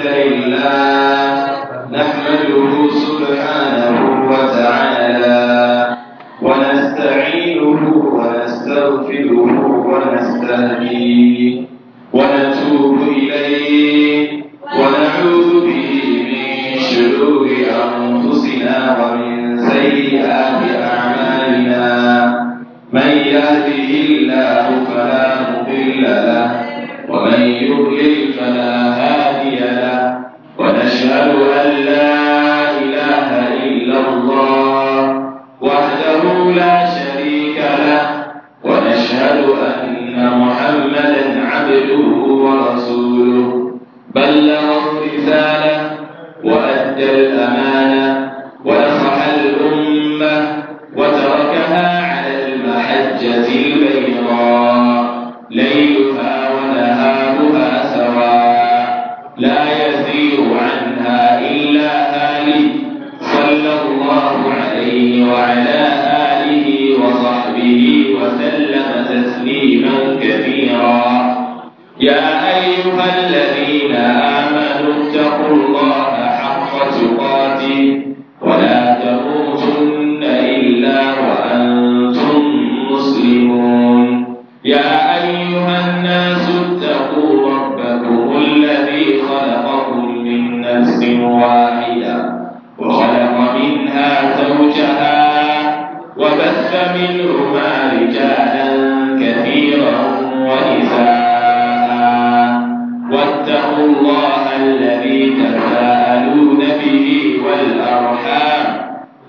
الحمد لله نحمده سبحانه ونستغفره ونستهديه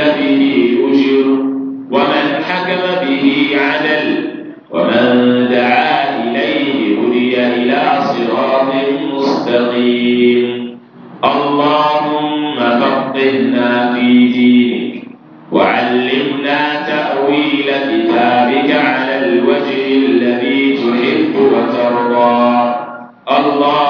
عمل به أجر ومن حكم به عدل ومن دعا إليه هدي إلى صراط مستقيم اللهم فقهنا في دينك وعلمنا تأويل كتابك على الوجه الذي تحب وترضى الله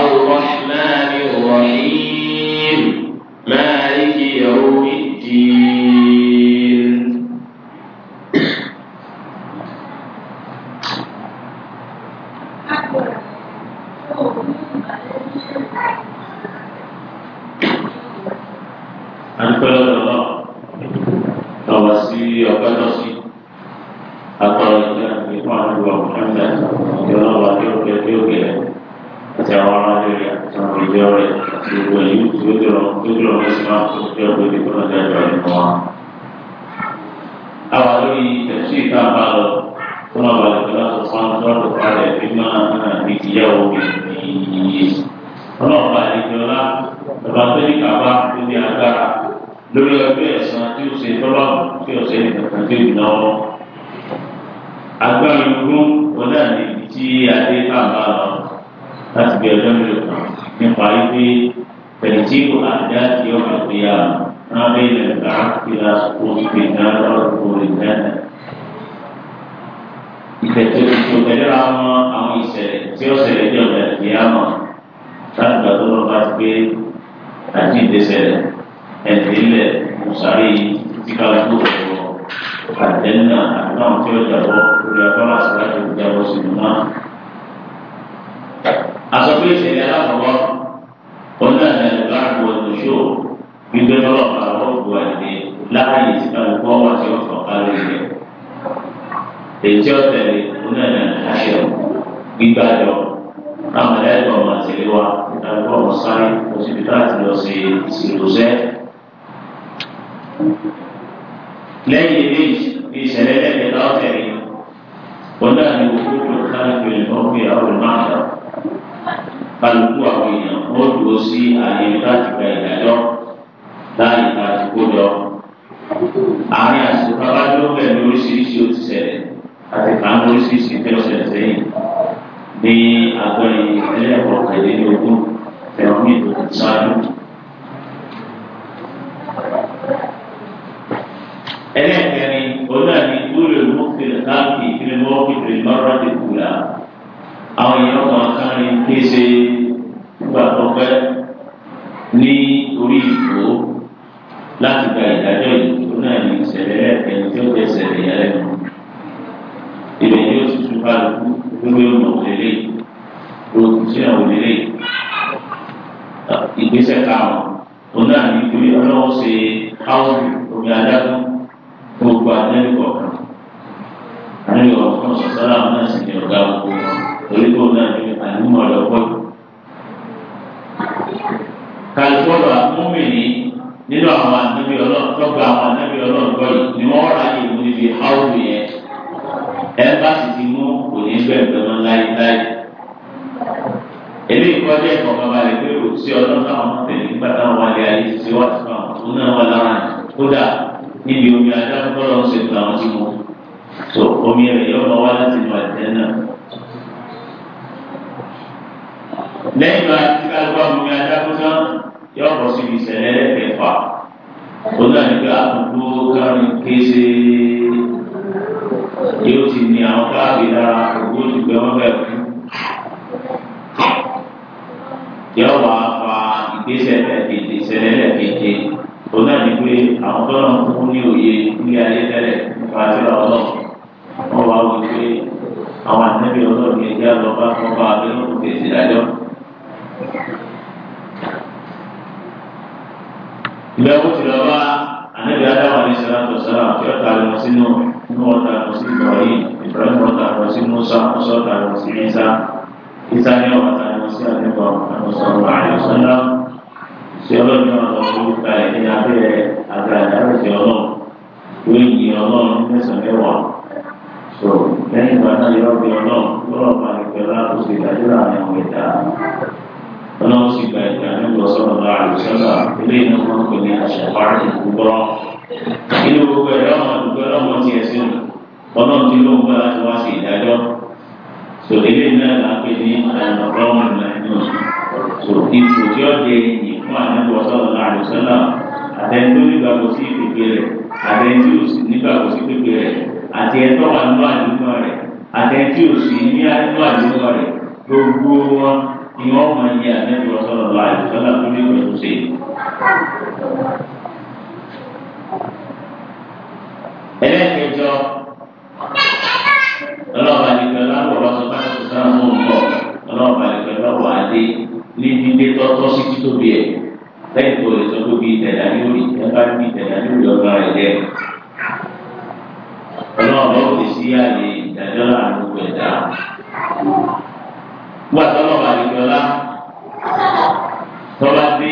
الرحمن الرحيم lẹ́yìn eléyìí ní ìṣẹ̀lẹ̀ lẹ́yìn lọ́fẹ̀ẹ́ yìí wọ́n náà ní owó tó káàkiri ọ̀gbìn àwọn ìmáàlá kálukú àwọn èèyàn wọ́n dúró sí àyè láti gba ìdájọ́ láàyè láti kó jọ. àárín àsìkò abájọ́ bẹ́ẹ̀ ní oríṣiríṣi ó ti ṣẹlẹ̀ àti kàánú oríṣiríṣi tẹ́lẹ̀ ṣẹlẹ̀ sẹ́yìn ní agbọ́nrin ẹlẹ́ẹ̀kọ́ kẹ̀lé ní ogún ẹ̀rọ mi ìdòkùn sáájú. mọ́rọ́ ti kù la àwọn èèyàn kan kárin kí ṣe gbàgbọ́ pẹ́. yóò ti ní àwọn káàbì lára ògbó ti gbẹ wọn bẹ́ẹ̀ fún. yóò wá fa ìgbésẹ̀ lẹ́ẹ̀kejì ìṣẹ̀lẹ̀ lẹ́ẹ̀kejì ó náà ní pé àwọn tó náà kú ní òye ní ayé tẹ́lẹ̀ nípa síra ọlọ́run wọ́n wá wọ pé àwọn àtẹ́bí ọlọ́run ẹ̀jẹ̀ àlọ́bá kan bá abẹ́rẹ́ òkú fèsì dájọ́. ìgbà wo ti lọ bá ànábì adáwọ̀ àdìsí ọ̀rọ̀ àtọ̀sọ́rọ̀ àti ọ̀tà àlùmọ̀sínú Nuh ta ko si Ibrahim Ibrahim ta ko si Musa Musa ta ko si Isa Isa ni si Nabi ni wa ta ko ta ni abe abe abe si Allah tu ni Allah ni sa so ni wa ta ni wa ni Allah Allah pa ni ke la tu si ta jira ni wa ta Allah si inú gbogbo ẹ̀rọ ọmọ àdúgbò ọlọ́mọ ti ẹ̀ sínú ọlọ́run ti ló ń gbà láti wá sí ìdájọ́ tò ilé náà là ń pè ní ọlọ́run ìlànà tò ipò tí ó de ìyìn fún àdúgbò ọ̀sán láàrin sọ́nà àtẹ̀ntó nígbàgbọ́ sí pépé rẹ̀ àtẹ̀ntó nígbàgbọ́ sí pépé rẹ̀ àti ẹ̀tọ́ wà nínú àdúgbò rẹ̀ àtẹ̀ntó sí ní àdúgbò rẹ̀ gbogbo wọn ni wọ́n mọ̀ ní àdúgbò ọ̀sán láàrin sọ́nà tó ní ìgbàgbọ́ sí ẹlẹ́kẹjọ ọlọ́ọ̀bà nìkan láwọ̀ lọ́sọ̀ bá tó sáà mú un bọ̀ ọlọ́ọ̀bà nìkan lọ́wọ́ adé ní dídé tọ́tọ́ sí títóbi ẹ̀ lẹ́yìn tó lè sọ pé bíi tẹ̀dá lórí ẹ bá bíi tẹ̀dá lórí ọgbà rẹ̀ jẹ́ ọlọ́ọ̀bà ò lè sí àyè ìdájọ́ láàrin gbogbo ẹ̀dá wọ́n àtọ́lọ́ọ̀bà nìkan lá tọ́lá dé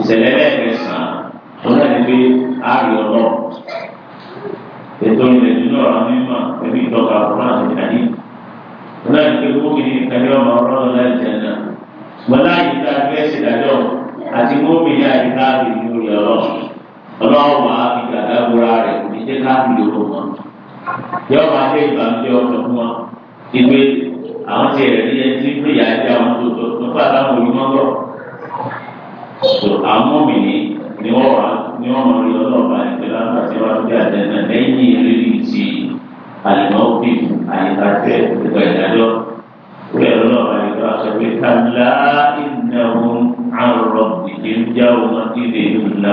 ìṣẹ̀lẹ̀ ààrẹ ọlọ́run ètò ilẹ̀ nínú ọ̀rọ̀ mímọ́ ẹbí ìtọ́ka ọ̀rọ̀ àti ìdájí ọ̀nà ìpínlẹ̀ owó kìíní ìkàlẹ́ ọmọ ọ̀rọ̀ láti jẹ̀nà wọn láàyè tá a fẹ́ ṣèdájọ́ àti gómìnà àyè tá a fi ní orí ọ̀rọ̀ ọlọ́run máa fi gàdá búra rẹ̀ kò ní jẹ́ káàkiri owó wọn yọ máa jẹ́ ìbànújẹ́ ọkọ̀ fún wọn ìgbé àwọn ti rẹ̀ níyẹn tí pé ìyá ẹja wọn tó tó nípa táwọn onímọ̀ bọ̀ àwọn mọ̀mìnì ni wọ́n wà á ni wọ́n mọ̀ rí ọlọ́ọ̀bá ìpínlẹ̀ àti wọ́n gbé àjẹ náà lẹ́yìn ìrírí ti àlùmọ́ọ́bì àyíkájẹ́ ìgbà ìdájọ́ rẹ̀ ọlọ́ọ̀bá ìpínlẹ̀ àti wọ́n kàlá ìnáwó àrùrọ̀ ìdíjà ọmọ ìdè ìlà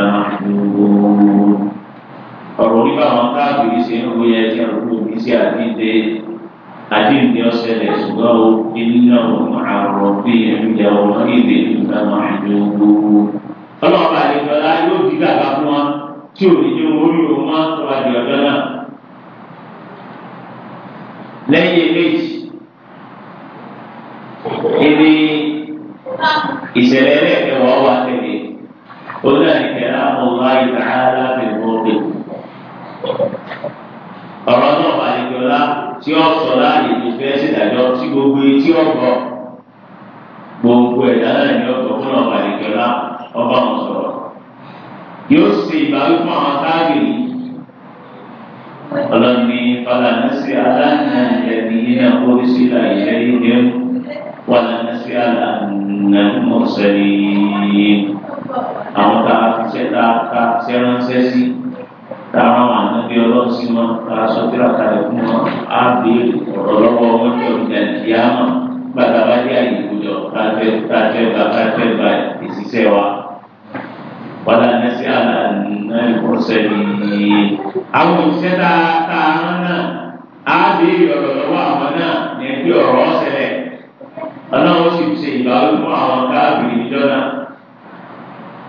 ọ̀rọ̀ orí báwọn káàkiri ṣe ń wọ́yẹ ẹ̀jẹ̀ àrùkù kì í ṣe àdídé àdídé ọ̀sẹ̀lẹ̀ ṣùgbọ́n o ìnáwó àrùrọ̀ bí ìrìnjà ọmọ ìdè ìlà máa ọlọ́ọ̀bà àlejòọlá yóò di gàgà fún wa tí ò ní jẹ́ orí òun máa ń tọ́ àdì ọjọ́ náà. lẹ́yìn eléyìí ibi ìṣẹ̀lẹ̀ ẹlẹ́kẹ̀wọ́ wà tẹ̀lé òun náà ní kẹ̀lá ọ̀la ìdáhàlá bẹ̀rẹ̀ ọ̀rọ̀ náà àlejòọlá tí ó sọ láàyè tó fẹ́ ṣèdájọ́ tí gbogbo etí ọ̀gbọ́ gbogbo ẹ̀dá náà ní ọ̀gbọ́ fún ọ̀bàlejòọlá ọba wọn sọ̀rọ̀ yóò ṣe ìbáwí fún àwọn táàgì ọlọ́ni falanasi alana ẹ̀dínlẹ́nà oríṣiríṣi àìsẹ́ ìdẹ́ walanasi alana mọ̀sẹ̀lẹ̀ àwọn tá a fi ṣẹ́ tá a ká ṣẹ́ ránṣẹ́ sí tá a máa ń bí ọlọ́run sí wọn tá a sọ pé àkàlẹ̀ fún wọn á bí ọ̀rọ̀ lọ́wọ́ wọn jọ ìdàgbìyàmọ̀ gbàdàbàdì àyè ìkójọ tá a bá tá bá ìṣiṣẹ́ wa wàlá nẹ́sí àlá nínú ìkọ̀sẹ̀ nìyí. àwọn òṣìṣẹ́ tá a rán náà á bí ọ̀rọ̀ lọ́wọ́ àwọn náà ní bí ọ̀rọ̀ ṣẹlẹ̀ ọlọ́run sì ṣe ìbáwí fún àwọn káàbìrì ìjọ náà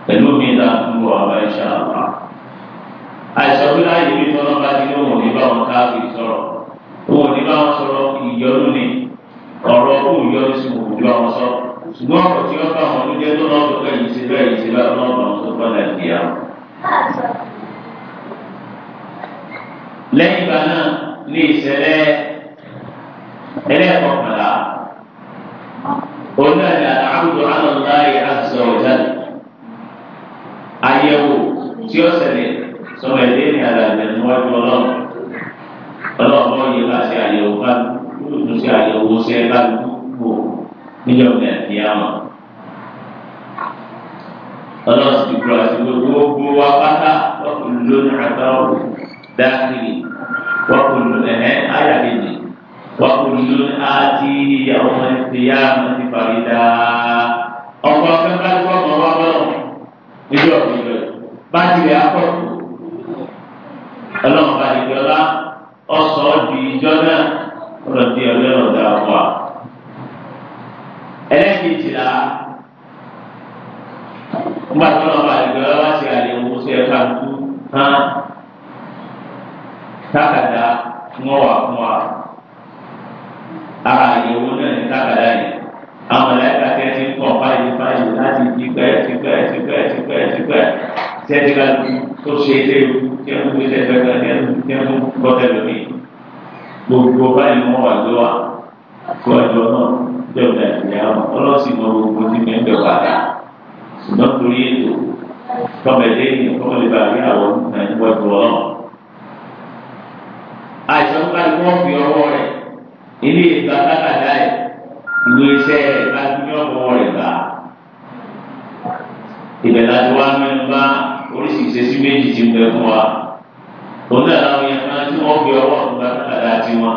pẹ̀lú mi náà ń bọ̀ àbá iṣẹ́ àbá. àìsàn bí láàyè bí tọ́lá bá ti ní òun ní báwọn káàbìrì sọ̀rọ̀ òun ní báwọn sọ̀rọ̀ ni ọ̀rọ̀ òun yọnu sí òun ní báwọn kọ́lá ìgbéyà. lẹ́yìn ìgbà náà ní ìṣẹ̀lẹ̀ ẹlẹ́kọ̀ọ́kànlá onáà ní àdáhùn àlọ́lá ìhàzọ̀ ọ̀jáde àyẹ̀wò tí ó ṣẹlẹ̀ sọ̀rọ̀ ẹ̀dẹ́ ní àlàjẹ̀ níwájú ọlọ́run ọlọ́run yìí bá ṣe àyẹ̀wò bá lù kó ṣe àyẹ̀wò ṣe bá lù kó níjọba ẹ̀ ní àwọn ọlọ́run ti kúrò àti gbogbo wa pátá wọ́pọ̀ lónìí àtàwọn dáhìrì wọ́pọ̀ ẹ̀hẹ́ ayàlejì wọ́pọ̀ lónìí àti ìyàwó wọn ti yá wọn ti parí dáa ọ̀pọ̀ akẹ́kọ̀ọ́ àti wọ́pọ̀ wọn bọ̀rọ̀ níbi ọ̀pọ̀ ìjọ bá tilẹ̀ akọ̀kọ̀ ọlọ́run bá ìjọ lá ọ̀sọ̀ di ìjọ náà ọ̀rọ̀ di ọ̀lẹ́rọ̀ dáa ẹlẹ́kìtì la nígbà tí wọn bá àdìgbò wọn bá ṣe àyẹ̀wò ṣe ẹ bá ń kú hàn tákàdá wọn wà fún wa ara àyẹ̀wò náà ní tákàdá yìí àwọn ẹlẹ́ka tẹ́ ti ń pọ̀ báyìí báyìí láti tipẹ́ tipẹ́ tipẹ́ tipẹ́ tipẹ́ tẹ́tíra tó ṣe é tẹ́ tí ẹ ń gbé tẹ́tẹ́ kan tí ẹ ń tí ẹ ń gbọ́tẹ́ lómi gbogbo báyìí wọn wà ló wà fún ọjọ́ náà jọ̀ọ́ nàìjíríà ọlọ́sìn mọ gbogbo tí mi ń bẹ̀ wà dáa ṣùgbọ́n torí ètò tọ́mẹ̀lé ni tọ́mẹ̀lé bá rí àwọn ẹ̀ńgbọ́n tó ọ̀ àìsàn bá ní wọ́n fi ọwọ́ rẹ̀ ilé ìgbà bàbàdà ẹ̀ ìwé iṣẹ́ rẹ̀ bá ní ọwọ́ rẹ̀ bá ibẹ̀ láti wá mẹ́nu bá oríṣiríṣi sí méjì ti ń bẹ fún wa òun náà làwọn yẹn máa tí wọ́n fi ọwọ́ ìgbà bàbàdà tiwọn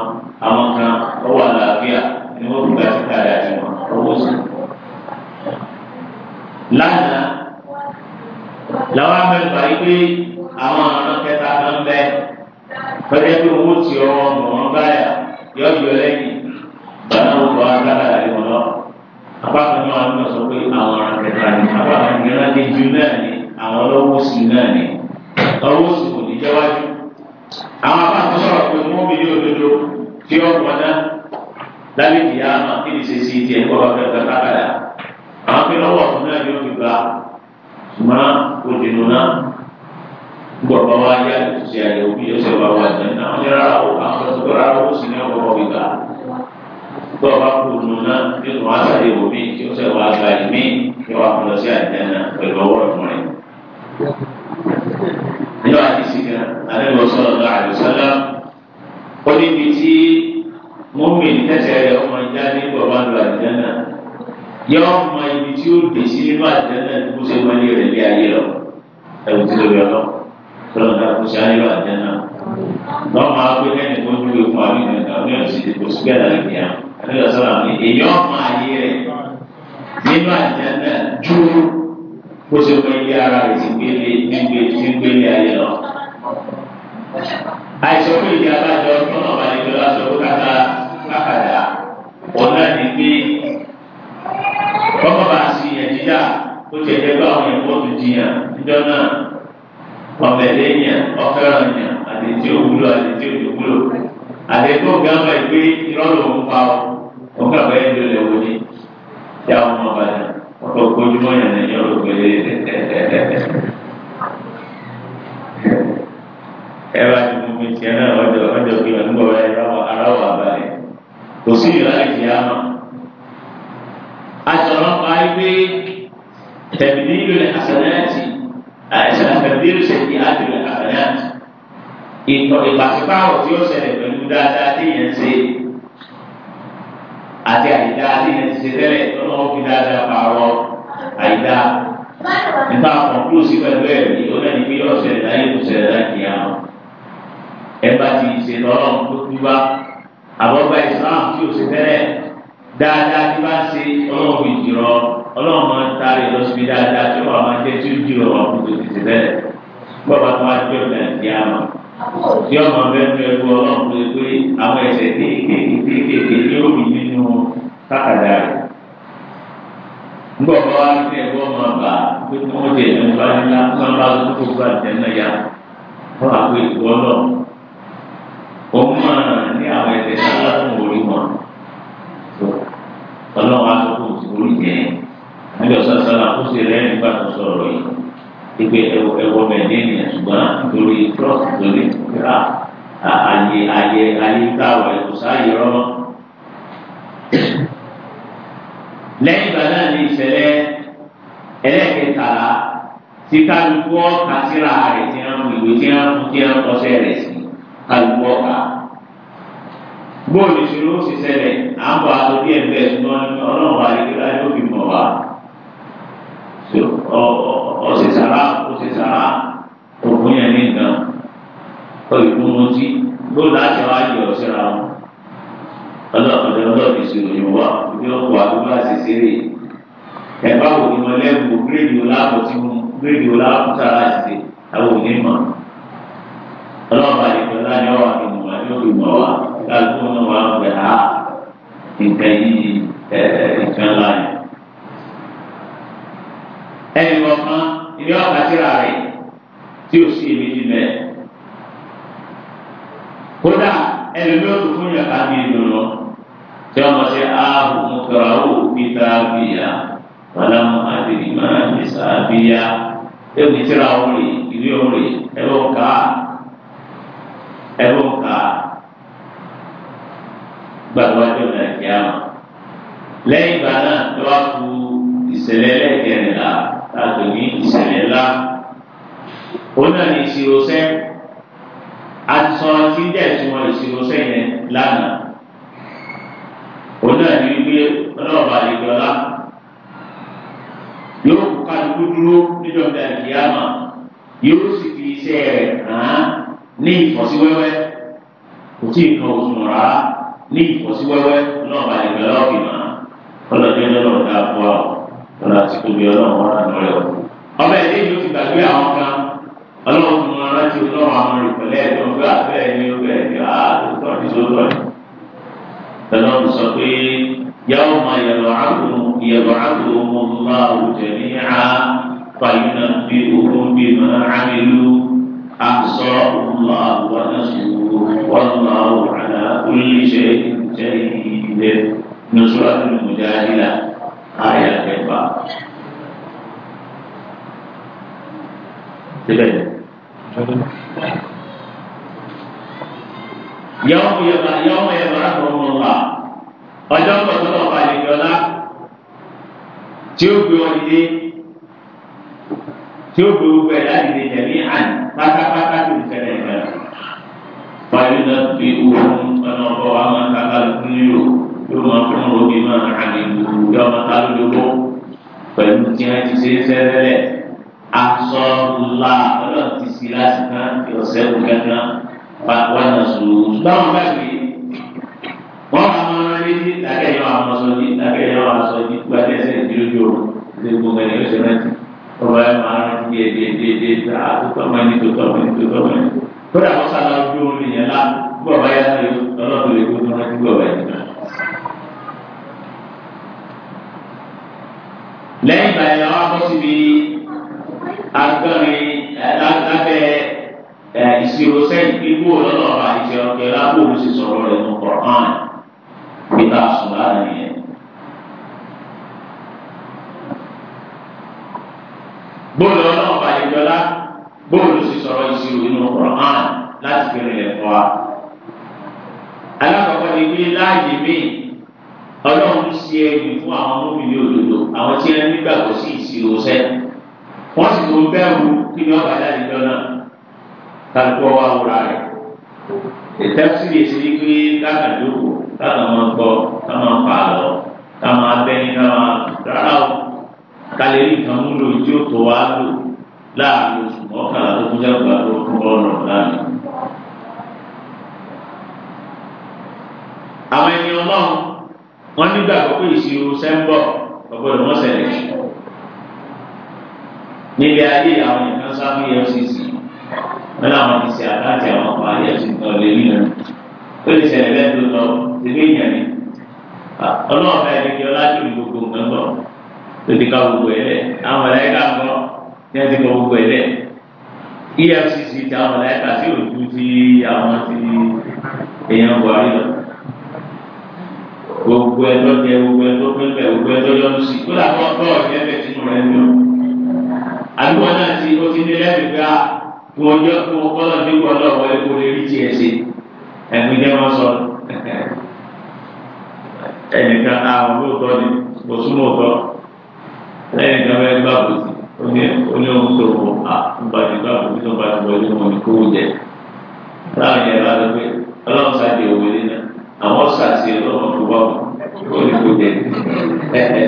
àwọn kan ọwọ́ àlàáfíà ni wọ́n fi gbà sí kàdà lánàá làwọn amẹ́fà yìí pé àwọn ọ̀nà kẹta ló ń bẹ pẹ́ẹ́dẹ́ pé owó tí ọ̀rọ̀ ọ̀gbọ̀n báyà yọ yọ lẹ́yìn bàtà ó bọ̀ agbára rẹ̀ wọ́n lọ. apákan náà ló sọ pé àwọn ọ̀nà kẹta ni apákan mìíràn ní ju náà ni àwọn ọlọ́wọ́ sí náà ni ọlọ́wọ́ sì kò ní jẹ́wájú. àwọn apákan sọ̀rọ̀ pé wọ́n mi ní òdodo kí ọ̀gbọ̀n náà lálẹ́ ìyá àmà kí ṣe sí ti ẹ̀kọ́ ọ̀gbẹ́ àwọn pé lọ́wọ́ ọ̀tún náà yóò fi gbà ṣùgbọ́n òdìnnú náà gbọ̀gbọ́ wa yá ìtúsí àyẹ̀wò bí yóò ṣe wá wà ní àwọn ní rárá o àwọn tó rárá o sì ní ọgbọ̀gbọ̀ fi gbà tó o bá kú nù náà nínú wa ṣàyẹ̀wò bí yóò ṣe wá gba ìmí kí wàá kú lọ sí àdìyẹ náà pẹ̀lú ọwọ́ ọ̀tún rẹ̀. nínú àdìsí kan àdéhùn sọ̀rọ̀ náà àdìsọ́lá ó yọ ọmọ ibi tí ó dé sí nínú àjẹnà tó kó ṣe wọlé rẹ lé ayé lọ ẹwù tí lórí ọlọ tọlọ náà kó ṣe ayé lọ àjẹnà náà máa gbé lẹ́nu tó ń dúró fún àwọn ènìyàn náà ní ọ̀sìn ìdìbò síbẹ̀ lálẹ́ ní àwọn àdúrà sọ̀rọ̀ àwọn èèyàn ọmọ ayé rẹ nínú àjẹnà ju kó ṣe wọlé ara rẹ ti gbélé nígbè tí ayé lọ. àìsàn fún ìdí abájọ ọdún náà ìjọba sọ kó kàkàdà ọ̀nà ni pé jiyàn níjọ́ náà ọbẹ̀ lẹ́yìn ọ̀fẹ́ràn yàn àdètí òwúlò àdètí òdòwúlò àdètí ògàmà ìgbé ìrọ̀lù òǹpa ọ̀ òǹkàbà ẹ̀ lọ́lẹ̀ wò ni yà wọ́n mọ̀ bàjẹ́ ọ̀tọ̀ gbójúmọ́ yàn ní ọ̀rọ̀ gbélé ẹ̀ẹ́dẹ̀ẹ̀dẹ̀ ẹ bá ti mú mi tiẹ̀ náà ọjọ́ ọjọ́ bí wọn gbọ́ ẹ aráwọ̀ abalẹ̀ kò sí ìlànà ìyá náà. àtọ̀rọ̀ pa ẹgbẹ́ تبديل الحسنات تبديل السيئات بالحسنات ìtọ̀ ìpàṣípààrọ̀ tí ó ṣẹlẹ̀ pẹ̀lú dáadáa tí yẹn ń ṣe àti àyíká tí yẹn ti ṣe tẹ́lẹ̀ lọ́nà ó fi dáadáa pààrọ̀ àyíká nípa kọ̀ǹkúlùsì pẹ̀lú ẹ̀ ní ọlẹ́ni pé yóò ṣẹlẹ̀ láyé kò ṣẹlẹ̀ láti yà wọn. ẹ bá ti ṣe lọ́rọ̀ tó tú dáadáa tí bá ṣe ọlọ́run fi jùlọ ọlọ́run máa ń taari lọ síbi dáadáa tí wọ́n máa jẹ́ tí ó jùlọ wà fún tó ti ti bẹ́ẹ̀ bọ́ba tó wá jọ ní àdìyá ma tí ọmọ bẹ́ẹ̀ fẹ́ bu ọlọ́run pé pé àwọn ẹsẹ̀ kéékèèké ní òbí nínú kákàdá rẹ̀ ńgbọ̀n bá wá sí ẹ̀gbọ́n máa bà pé kí wọ́n jẹ ẹ̀yìn bá nílá kí wọ́n bá gbogbo àjẹ́ náà yá fún àpò ìgbọ́ náà òun máa orí jẹ́ ẹni ọ̀sán sára kó sì rẹ́ nígbà tó sọ̀rọ̀ yìí ìgbé ẹwọ mẹ́ẹ̀ẹ́dẹ́ni ṣùgbọ́n lórí trọ́ọ̀tù tó lè kíra ààyè ààyè ààyè táwọn ẹ̀kọ́ sáàyè rọ́mọ́. lẹ́yìn ìgbà náà ni ìṣẹ̀lẹ̀ ẹlẹ́kẹtàlá tí kálukú ọ̀ka síra rẹ̀ tí wọ́n mú ìwé tí wọ́n mú tí wọ́n kọ́sẹ́ rẹ̀ sí kálukú ọ̀ka bóòlù ìṣòro ó sì ṣẹlẹ̀ à ń bọ̀ àtò díẹ̀ bẹ́ẹ̀ ṣùgbọ́n ọlọ́run wa lè kíra yóò fi mọ̀ wá. ọ̀sẹ̀ sàrà ọ̀sẹ̀ sàrà òkun yẹn ní nǹkan ọ̀yọ̀ fún wọn tí bóòlù àti àwọn àjẹ ọ̀sẹ̀ ra wọn. ọlọ́ọ̀dẹ ọlọ́ọ̀dẹ ìṣòro yìí wà ní ọkọ̀ àdúgbò àti ìṣeré. ẹ bá wò ní wọn lẹ́nu gírèdì ọláàbọ̀ tí mo gírèdì ọláàbọ̀ sára àti àwọn òní mọ̀ ọlọ́ọ̀bà ìgbọ̀lá ni ọ kálukú náà wà ń pè á ah, nǹkan yìí ẹ ìtàn láàyè. ẹnì kọ̀ọ̀kan ilé ọ̀gá síra rẹ̀ tí ò sí èmi ti bẹ̀. kódà ẹlòmíràn tó fún yàrá mi lò lọ tí wọ́n mọ̀ sí ààbò mọ̀kàrà ó pété àbíyá wàlámù àdìrímà nìsà àbíyá ẹ̀wọ̀n ìtura òrè ìwé òrè ẹ̀wọ̀n ká ẹ̀wọ̀n ká gbàgbọ́dọ̀ nàìjíríà mọ̀. lẹ́yìn ìgbà náà ló wá ku ìṣẹ̀lẹ̀ ẹlẹ́gẹ̀rẹ̀lá láti ní ìṣẹ̀lẹ̀ ńlá. òun náà ní ìṣirọ́sẹ́ àti sọ̀rọ̀ tí ń dẹ̀ tí wọ́n ìṣirọ́sẹ́ yẹn lánàá. òun náà ní wípé ọlọ́ọ̀bà àdìgbọ́lá yóò kú kálukú dúró níjọ́ nàìjíríà mọ̀ yóò sì fi iṣẹ́ rẹ̀ hàn ní ìfọ̀síwẹ́wẹ́ kò tí ì kan òṣùwọ̀n rárá ní ìfọ́síwẹ́wẹ́ náà bá lè gbẹ́lá òkè máa ọlọ́dẹ lọ́nà dá bọ́ ọ ọ̀nà àti tóbi ọlọ́run wọn àná rẹ̀ o. ọbẹ̀ ilé yìí ó ti gbàgbé àwọn kan ọlọ́run fún wọn láti ọlọ́run àwọn ìpẹ̀lẹ́ ẹ̀dùn ọgbẹ́ abẹ́ ẹni ọgbẹ́ ẹni àtúntò ìṣòro ẹ̀. ọlọ́run sọ pé yàwó máa yẹ̀lọ̀ àkùrù yẹ̀lọ̀ àkùrù أحصاه الله ونسوه والله على كل شيء شهيد من سورة المجادلة آية أربعة يوم يبقى يوم يبرأهم الله ọjọ́ pọ̀tọ́lọ́ ọba àlejòọ́lá tí ó gbé wọn dìde tí ó gbé gbogbo ẹ̀dá dìde jẹ̀mí àná pátápátá kò di sana, ìgbà. Báyọ̀ náà fi ohun ọ̀nà ọ̀bọ̀ wa máa ta kálukú nílò yóò máa fún òbí máa àlè gbòòrò yóò máa ta lóko pẹ̀lú tí wọ́n ti ṣe é sẹ́lẹ̀ aṣọ ńlá ọlọ́run ti orang láti ná ọ̀sẹ̀ kù kankan wà náà sòrò. Báwo bá ṣe wọ́n máa máa rí lákẹ́yọ̀ àwọn aṣọ ní lákẹ́yọ̀ ọba ẹ máa ń di ẹdí ẹdí ẹdí ẹdí àtúntò ọmọ ẹni tó tọ ọmọ ẹni tó tọ ọmọ ẹni kódà wọn sábà ojú omi yẹn lá gbọ ọba yẹn lọ ọlọ́dún lè gbóná náà gbọ ọba yẹn náà. lẹ́yìn ìgbà yẹn wọn bọ́ síbi agbọ́nrin lábẹ́ ìṣirò sẹ́yìn gbígbó lọ́dọ̀ ọba ìṣẹ̀rọ̀ kẹlá bóun sì sọ̀rọ̀ rẹ̀ nù kọ̀ọ̀kan pété àṣùlá nìyẹn. gbẹ̀rẹ̀ lẹ̀ fún wa. alákọ̀ọ́kọ́ ni pé láàyè míì ọlọ́run ṣe ẹ̀yìn fún àwọn mọ́mìnì òdodo àwọn tí wọ́n nígbàgbọ́ sí ìṣirò sẹ́ wọ́n sì tún bẹ̀rù kí ni ọba jáde jọ náà kálukú ọwọ́ àwòrán rẹ̀ ìtẹ́sí lè ṣe ní pé káàdùkù káàdùn máa gbọ́ ká máa fà lọ ká máa bẹ́ni ká máa rárá o kálẹ̀ rí nǹkan múlò tí ó tó wá lò láàrin oṣù mọ́kànlá tó kọjá gbàgbọ́ ọ̀rọ̀ láàrin. àwọn ẹni ọlọ́run wọn nígbàgbọ́ pé ìṣirò sẹ́ńbọ̀ ọgbọ́dọ̀ wọn ṣẹlẹ̀ níbi ayé àwọn nìkan sáfún efcc wọn làwọn ti ṣe àkáǹtì àwọn ọmọ ayé ẹ̀sìn náà lè rí ó lè ṣẹlẹ̀ lẹ́nu lọ síbí ìyẹn ni ọlọ́run bá ẹni kí ọlá jù gbogbo nǹkan bọ̀ tó ti ká gbogbo ẹ̀ lẹ̀ àwọn ẹ̀ka ń bọ̀ ní ẹ̀ ti kọ gbogbo ẹ̀ lẹ̀ efcc ti àwọn ẹ̀ka sí òjú ti àwọn ti èèyàn buhari lọ gbogbo ẹjọ́ jẹ gbogbo ẹjọ́ pẹpẹ gbogbo ẹjọ́ yọnu sí kó làwọn ọgbọ ọjọ́ ẹbẹ tí mo rẹ ń lọ. àdúgbò náà ti ó ti ní lẹ́bi gbá kí o jọ kí wọ́n kọ́lọ̀ o wọ́n lọ́wọ́ epo lè rí tiẹ̀ ṣe ẹ̀gbin jẹ́ wọ́n sọ. ẹnìkan àwọn olóòótọ́ ni kò súnmọ́ òótọ́ ẹnìkan bẹ́ẹ̀ gbà bòtì oní oní ohun tó wọ́n à ń bàjẹ́ gbà bòtì tó bàjẹ́ wọlé wọn ni kó wọ́n jẹ. láwọn yẹn bá pé ọlọ́run sáà àwọn sàtì ọlọ́run tó wà ó ní kó dé ẹ̀mí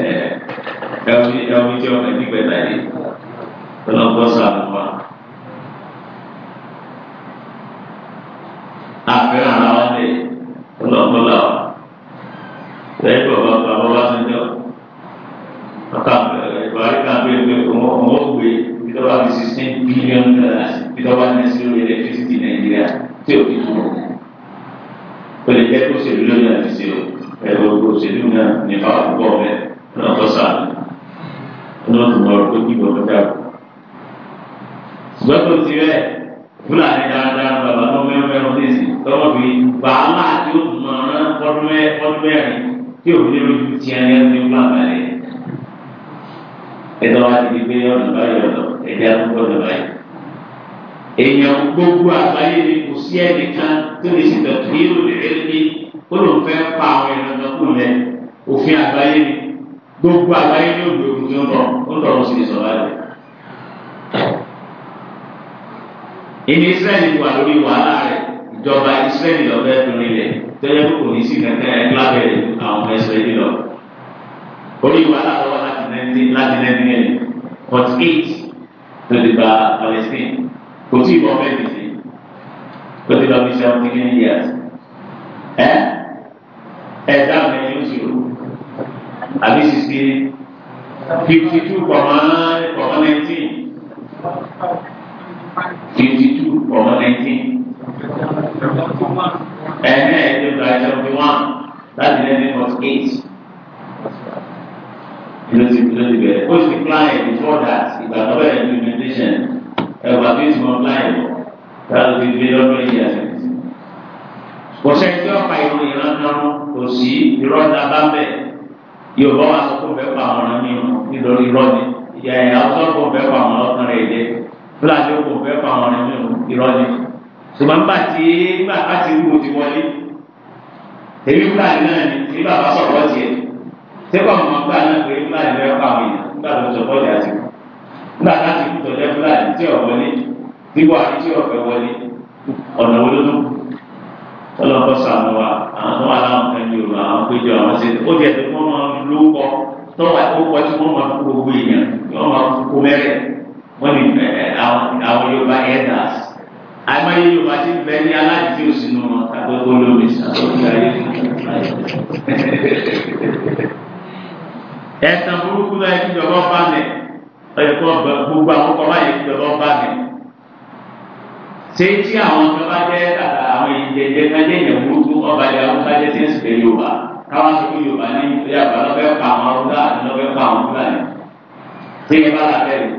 ẹ̀mí jẹ́ ọmọ ẹ̀dígbẹ́ náà yìí ọlọ́run kọ́ sàánú wa. àfẹ́ ara wa lè ọlọ́run lọ lẹ́yìn bàbá bàbá wa ti jọ ọkà ìbárí kan bẹ́ẹ̀ pé wọ́n gbé ìjọba fi sixteen billion dollars ìjọba ní ẹ̀sìn lórí electricity Nàìjíríà tí ò fi kúrò pẹ̀lú jẹ́ kó ṣèlú lórí àti ṣe o ẹ̀rọ kó ṣèlú náà ní fáwọn pọ̀ rẹ̀ náà tó sà náà tó mọ̀ ọ́ kí gbọ̀ngàn dà o. ṣùgbọ́n tó ti rẹ̀ fúlàní dáadáa bàbá náà mẹ́rin mẹ́rin ní ìsìn tọ́wọ́ fi bàálà tí ó tún mọ̀ ọ́n fọ́dún mẹ́rin tí òun ní lójú tiẹ̀ ní ẹni fúlàní ẹ̀dọ́ wa ti di pé ọ̀nà báyìí ọ̀dọ̀ ẹ̀dá gbogbo ọ̀nà báyìí èèyàn gbogbo àgbáyé ni kò sí ẹnìkan tóbi sí tẹ̀kíyìrò lẹ́ẹ̀rí ó lòun fẹ́ pa àwọn ìrìnàjò kù lẹ òfin àgbáyé ni gbogbo àgbáyé ní òbí òkú tí ó lọ ó lọ sí ìsọ̀rọ̀ rẹ̀. ìní Israẹli wà lórí wàhálà rẹ̀ ìjọba Israẹli lọ́fẹ́ fún ilẹ̀ tẹ́lẹ̀ kò ní sí kankan ẹ̀ lábẹ́ àwọn ọmọ Israẹli lọ. orí wàhálà lọ́wọ́ láti nineteen forty eight tó ti gba Palestine kò tí ì bọ́ bẹ́ẹ̀ ó ti lọ bí seventy nine years ẹ ẹ dáhùn ẹni oṣù àbí sixty fifty two comma comma nineteen fifty two comma nineteen ẹ̀ẹ́n ẹ̀ẹ́dẹ́ gba seventy one láti nineteen forty eight ìlọsí ìlọsí bẹ̀rẹ̀ ó sì plan it before that ìgbà tó bẹ̀rẹ̀ implementation ẹ̀wà bí ìsúná plan it. Kalau fi gbé lọ́dún yìí àti kò sẹ́ni tí wọ́n pa ìròyìn lọ́dún kò sí irọ́ ńlá bá bẹ̀ yóò bá wà sọ fún bẹ́ẹ̀ pa àwọn ọ̀ràn mi nítorí irọ́ ni ìyá ẹ̀ àwọn kò fẹ́ pa àwọn ọ̀ràn rẹ̀ jẹ fúlàní kò fẹ́ pa àwọn ọ̀ràn mi irọ́ ni ṣùgbọ́n nígbà tí nígbà bá ti wù ti wọlé èmi fúlàní náà ni nígbà bá sọ̀rọ̀ tiẹ̀ sẹ́kọ̀ mọ̀ nígbà náà pé fúlàní wíwá àti ọ̀fẹ́ wọlé ọ̀nà wo ló tó ọlọ́kọ́ sàmú wa àwọn tó wà láwọn kan ní òru àwọn péjọ àwọn ṣe ó jẹ pé wọ́n máa ń lówó tó wà tó kọ́ tí wọ́n máa ń kó gbogbo èèyàn wọ́n máa ń kó mẹ́rẹ̀ wọ́n ní àwọn Yorùbá elders àmọ́ yìí Yorùbá ti bẹ ní aláàjì òsì nù wọn àgbẹ̀kọ́ lómi sàtọ́jú ayé ẹ̀sán burúkú náà ìjọba bá mi ọ̀yẹ̀kọ́ gbogbo àwọn kọ́ báyìí ìjọba bá mi ṣé tí àwọn tó bá jẹ́ tàbí àwọn ìjẹjẹ kan jẹ́ ìyẹn burúkú ọba jẹ́ àwọn bá jẹ́ sí ẹ̀sùn pé Yorùbá káwọn sọ pé Yorùbá ní ìpínlẹ̀ àgbà lọ́fẹ́ pa àwọn ọ̀rọ̀ náà àti lọ́fẹ́ pa àwọn Fúlàní ṣé ẹ bá làbẹ́ rẹ̀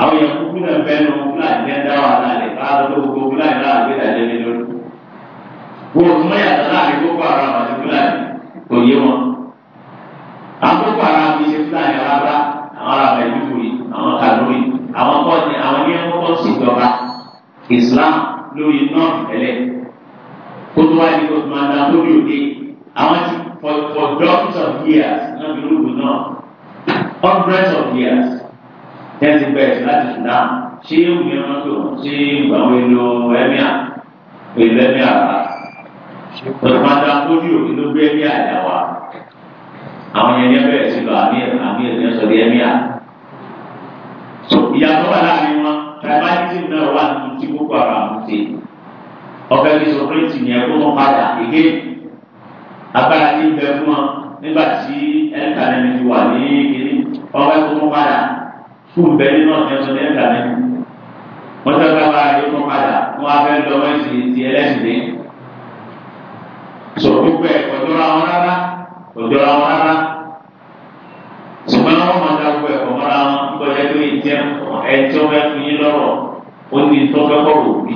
àwọn èèyàn kúkú náà fẹ́ nu Fúlàní jẹ́ dá wà lálẹ́ bá lọ́ gbogbo Fúlàní náà gbé dàjẹ́ mi lórí. wọ́n mú yàtọ̀ láàrin gbogbo ara àti Fúlàní kò yé wọn. àkókò ara mi ṣe Fúlàní alábá àwọn ará bẹ̀ẹ́ dúkùrì àwọn kàlórí àwọn kọ́ni àwọn ní ẹ̀kọ́ kọ́ sí ìjọba. Islam lórí nọ́ọ̀nù tẹ́lẹ̀ kó tó wáyé kó tó máa dá lórí òde àwọn ti for for dozens of years náà fi lóògùn náà hundreds of years tẹ́sí bẹ́ẹ̀ láti Sudan ṣé ìwé wọn tó ṣé ìgbà wọn lo ẹ̀míà pẹ̀lú ẹ̀míà wa tó máa dá lórí òde ló gbé ẹ̀míà yà wá àwọn yẹn ní ẹ̀bẹ̀rẹ̀ sí lọ àmì àmì ẹ̀míà sọ̀rọ̀ ẹ̀míà ìyàtọ̀ wà láàrin wọn tribalism náà wà nínú tí gbogbo ara àwọn ṣe ọ̀fẹ́ bí sọ̀rọ̀tì yẹn kó wọ́n padà èké agbára ti ń bẹ fún ọ nígbà tí ẹ̀ka lẹ́nu ti wà ní kiri ọ̀fẹ́ kó wọ́n padà fún bẹ nínú ọ̀sẹ̀ tó ní ẹ̀ka lẹ́nu wọ́n tẹ́ ká bá yẹ kó padà wọ́n á fẹ́ lọ wọ́n ti ti ẹlẹ́sìn ní. sọ̀rọ̀ gbogbo ẹ̀ kọjọ́ra wọn rárá kọjọ́ra wọn rárá ṣùgbọ́n wọ́n máa dá gbogbo mọ́ra wọn gbọ́dọ̀ pé ìjẹun ẹ̀ tí wọ́n fẹ́ fún yín lọ́rọ̀ ó ní tọ́fẹ́kọ̀ wò bí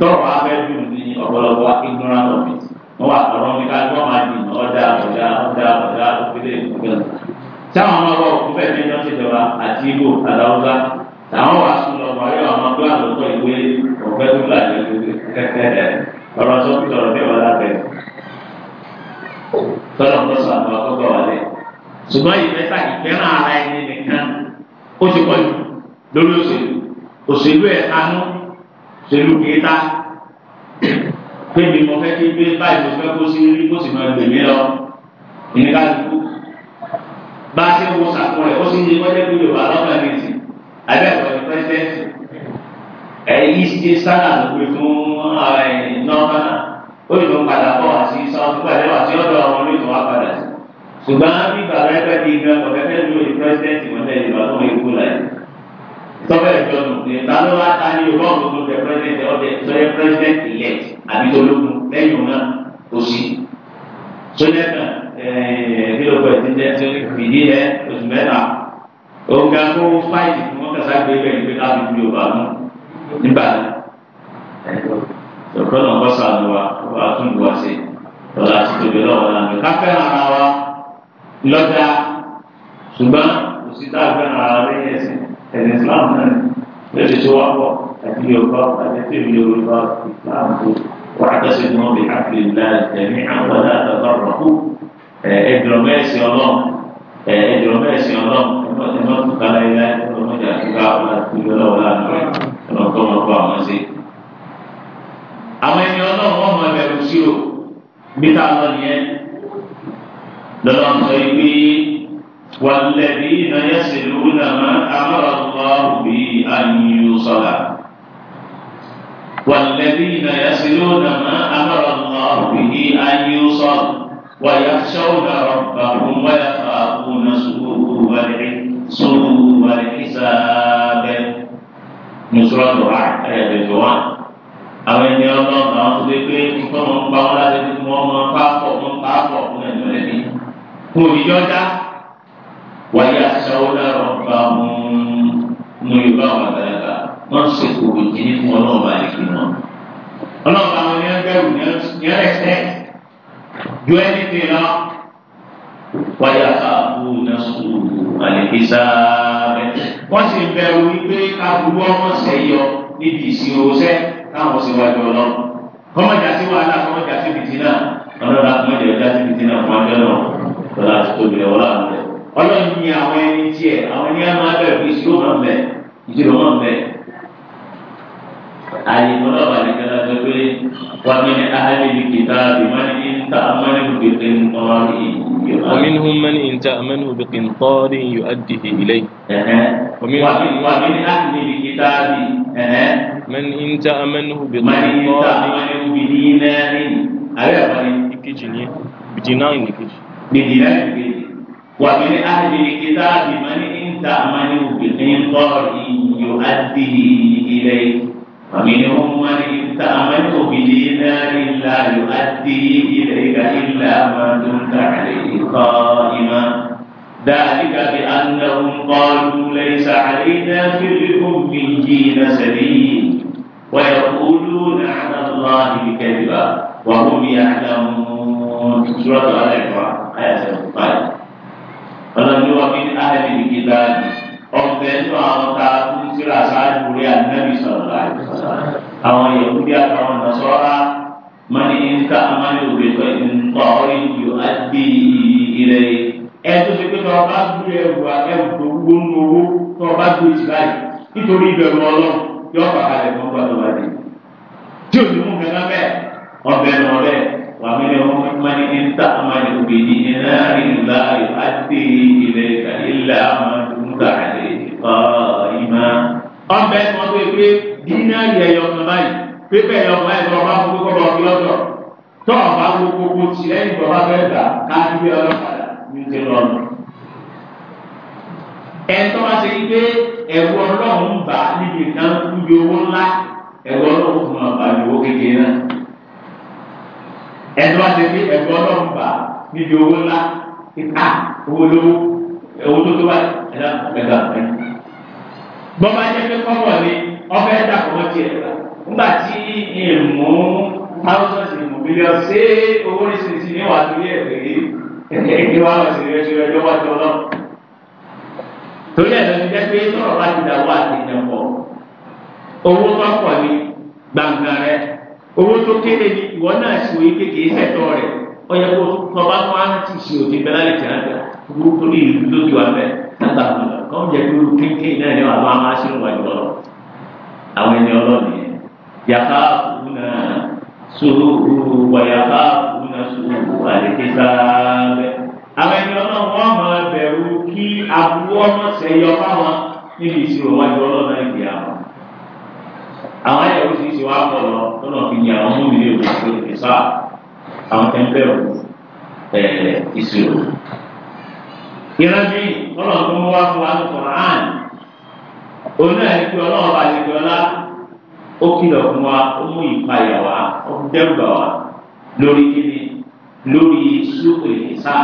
tọ́rọ̀ abẹ́ dùn ní ọ̀pọ̀lọpọ̀ ignorant of it wọ́n wà ọ̀rọ̀ mi ká gbọ́n máa dì ọ̀dà ọ̀dà ọ̀dà ọ̀dà òfìlẹ̀ ìgbìmọ̀ táwọn ọmọ ọgbà òkú bẹ́ẹ̀ ní ọ̀sẹ̀ ìjọba àti ibo àdáwọ́gbá táwọn wà sùn lọ wọ́n yọ ọmọ gbọ́ àlọ́kọ̀ ìwé ọ̀fẹ́ tó là ní ọ̀rọ̀ tó fi tọ̀rọ̀ bẹ́ẹ̀ wọ́n lábẹ́ tọ́lọ̀ ń lọ́sọ̀ àwọn akọ́kọ́ wà lẹ́ ṣùgbọ́n ìfẹ́ òṣèlú ẹ̀ anú òṣèlú kìíta pébi mo fẹ́ kí pé báyìí mo fẹ́ kó sí rí kó sì máa gbèmí lọ ìní ká dùkú bá a ṣe wo sàkó rẹ̀ ó sì ń yé wọ́n jẹ́ pé yorùbá lọ́kàn ní ti abẹ́ ẹ̀kọ́ ní pẹ́sidẹ́ntì ẹ̀ ìṣe sára ló pe fún nọ́ọ̀bá ó lè tó padà bọ̀ àti sọ́ọ́ pẹ̀lú àti ọ̀dọ̀ ọmọ ló tó wá padà sí ṣùgbọ́n bí bàbá ẹgbẹ́ di ìgbẹ́ ọ̀gẹ́gẹ́ ló ní pẹ́sidẹ́ntì wọn lẹ́yìn lọ́dún èkó láyé tọ́lẹ̀ ìjọba ìta ló wá ta ní ọgbọ́n gbogbo tẹ pẹ́sidẹ́ntì ọ̀dẹ sọ́yẹ́ pẹ́sidẹ́ntì ilẹ̀ àbí tológun lẹ́yìn ọ̀nà òsì. sọ́jà kan bí ọkọ̀ ẹ̀ ti jẹ́ tí fìdí ẹ oṣù mẹ́ta òun ga kó fáìlì tí wọ́n kàṣà gbé bẹ́ẹ̀ pé káàbí fi ọba mú nígbà tó kọ́ náà kọ́sà ló wa wà á tún wá sí ọ̀la àti tòbí lọ́wọ́ náà mi káfẹ́ ara wa lọ́jà ṣùgbọ́n òsì tá a fẹ́ràn ẹ̀sìn Islam náà lórí tí wọ́n kọ́ àti Yorùbá àti tèmi Yorùbá Islam tó wà á tẹ̀sí mọ́ bí àfìlélá ẹ̀mí àwọn àtàkọ́ ọ̀rọ̀kú ẹ̀ẹ́dùrọ̀mẹ́sì ọlọ́run ẹ̀ẹ́dùrọ̀mẹ́sì ọlọ́run ẹ̀mọ́ tó kálá ilá ẹ̀mọ́jà tó ká ọ̀la tó yọ lọ́wọ́ láàrin ọ̀nàkọ́ ọ̀nàkọ́ àwọn ṣe. àwọn ẹni ọlọ́run wọn mọ ẹbẹ̀rù sí o bí táwọn nìyẹn lọ́lọ́run sọ yìí والذين يسلون ما أمر الله به أن يوصل والذين يسلون ما أمر الله به أن يوصل ويخشون ربهم ويخافون سوء الحساب من سورة الرعد آية الجوان àwọn ẹni ọlọ́run àwọn tó lé pé nǹkan wọn ń pa wọn من fi هو máa ويخشون ربهم ميقام ذلك wọ́n ṣe kòkò jìnnì fún ọlọ́ọ̀bá nìkan náà ọlọ́ọ̀bá wọn ni wọ́n bẹ̀rù ní ẹ̀sẹ̀ ju ẹni pé lọ wáyà káàbù náà sùúrù àlèkísà wọ́n sì bẹ̀rù wípé káàbù ọmọ sẹ́yọ níbi ìṣirò sẹ́ káwọn sì wájú ọlọ́ kọ́mọ̀jà sí wàhálà kọ́mọ̀jà sí bìtì náà ọlọ́dà kọ́mọ̀jà sí bìtì náà fún ajọ́ náà lọ́la tó bẹ̀rẹ̀ wọ́lá rẹ̀. ومنهم من إن تأمنه بقنطار يؤديه إليه ومنهم ومن أهل الكتاب من إن تأمنه بقنطار من إن تأمنه بدينار أيوة، بجنان بجنان ومن أهل الكتاب من إن تأمنوا بقنطار يؤديه إليك ومنهم من إن تأمنوا بدينار لا يؤديه إليك إلا ما دمت عليه قائما ذلك بأنهم قالوا ليس علينا في الأميين سبيل ويقولون على الله الكذب وهم يعلمون سورة آل آية ọlọ́ni wọn fi áhẹ́lì ìgbà ọ̀fẹ́ nínú àwọn tá a fún síra ṣáájú rí ànábì sọ̀rọ̀ láàyè àwọn yahudi àtàwọn nasọ́ra mani nta amani òbí kọ nǹkan ọ̀rẹ́ yìí á di ilẹ̀ ẹ tó ṣe pé tọ́ ọba gbé ẹrù ẹrù tó wúwo ń owó tọ́ ọba gbé ti báyìí nítorí ìbẹ̀rù ọlọ́run yọ ọ̀pá kalẹ̀ fún gbàdúrà dé tí òṣèlú mú kẹ́kẹ́ bẹ́ẹ̀ ọbẹ̀ nà ọbẹ̀ ومنهم من إن تأمن بدينار لا يؤدي إليك إلا ما دمت عليه قائما ọ̀n bẹ́ẹ̀ tí wọ́n tó yẹ pé dínárì ẹ̀yọ ọ̀nà báyìí pépè ẹ̀yọ ọ̀nà báyìí lọ́ba gbogbo kọ́ lọ́ọ́ lọ́dọ̀ tọ́ ọ̀bá gbogbo kò tì lẹ́yìn bọ́ba bẹ́ẹ̀ gbà káàdì bí ọlọ́kadà ní ti lọ́nà. ẹ̀ńtọ́ wá ṣe pé ẹ̀wọ́ ọlọ́run ń bà níbi ìdánkù yowó ńlá ẹ̀wọ́ ọlọ́run fún ọ̀bà ẹni wá ṣe pé ẹ̀kọ́ ọlọ́run bá níbi owó ńlá kíkà owó lówó owó tó tó bá ẹ̀dá ẹ̀dá ọ̀fẹ́. gbọ́n bá jẹ́ pé kọ́mọ̀ ni ọ̀fẹ́ dàpọ̀ tiẹ̀ nígbà tí ìmú thousands ìmú billion ṣé owó ní sinisi ní wàá torí ẹ̀ pé ẹ̀kí wá wọ̀ sí ẹ̀ṣẹ̀ ẹjọ́ wá jọ lọ. torí ẹ̀ ti jẹ́ pé tọ́rọ̀ bá ti dà wá àti ìjẹ̀pọ̀ owó tó pọ̀ ní gbàngàn rẹ̀ owó tó kéré ni ìwọ náà sì wòye kékeré sẹ́tọ̀ rẹ̀ ọyẹ kó tọba tó á ti ṣe òde bẹ́ẹ̀ láti tẹ̀ ẹ́ gbogbo tó lè rí lójú wa bẹ́ẹ̀ sábà kọ́ ń jẹ́ pé kéńké náà ni wàá bá a máa ṣe ń wájú ọ̀rọ̀ àwọn ẹni ọlọ́ọ̀ni yẹn yàtọ̀ àkùnrin náà sòrò wà yàtọ̀ àkùnrin náà sòrò wà lẹ́kẹ́ sáábẹ́ àwọn ẹni ọlọ́ọ̀ni wọ́n máa bẹ̀rù kí àbúrò àwọn ayé oríṣiríṣi wá pọ̀ lọ lọ́nà fi ní àwọn ọmọ mi lè wò ó lè sá àwọn tẹ́ ń bẹ̀rù ìṣirò. ìrántí lọ́nà tó ń wá fún wa ní Quran òun náà ní pé ọlọ́run bá lè jọ lá ó kìlọ̀ fún wa ó mú ìpayà wa ó dẹ́rù bà wá lórí kíni lórí ṣùkú ìṣá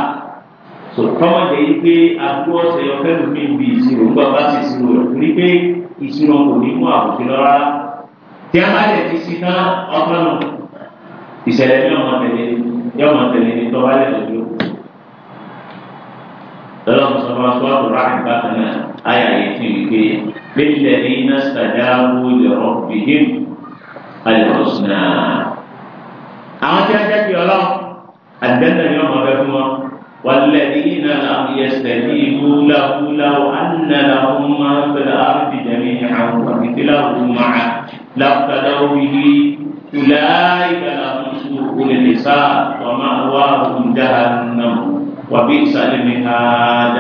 sọtọmọdé yìí pé àbúrò ọsẹ ọfẹ lómi ń ìṣirò ń gbà bá ṣe ìṣirò rẹ torí pé ìṣirò kò ní mú àbùkù lọ tí a bá lè fi sí ná ọpọlọ ìṣẹ̀lẹ̀ ní ọmọ tẹ́lẹ̀ ní ọmọ tẹ́lẹ̀ ní tọ́wá lè lọ́jọ́ lọ́lọ́mù sọ́kọ́ sọ́ọ́tù ráàyè bákan náà ayé àyè tí ì gbé bẹ́ẹ̀ ní iná sàdáwó lọ́rọ̀ bìhìm alẹ́kọ̀sùnà. àwọn tí a jẹ́ kí ọlọ́ àdẹ́tẹ̀ ní ọmọ bẹ fún wọn والذين لم يستجيبوا له لو أن لهم ما في الأرض جميعا ومثله معه لافتدوا به أولئك لهم سوء النساء ومأواهم جهنم وبئس المهاد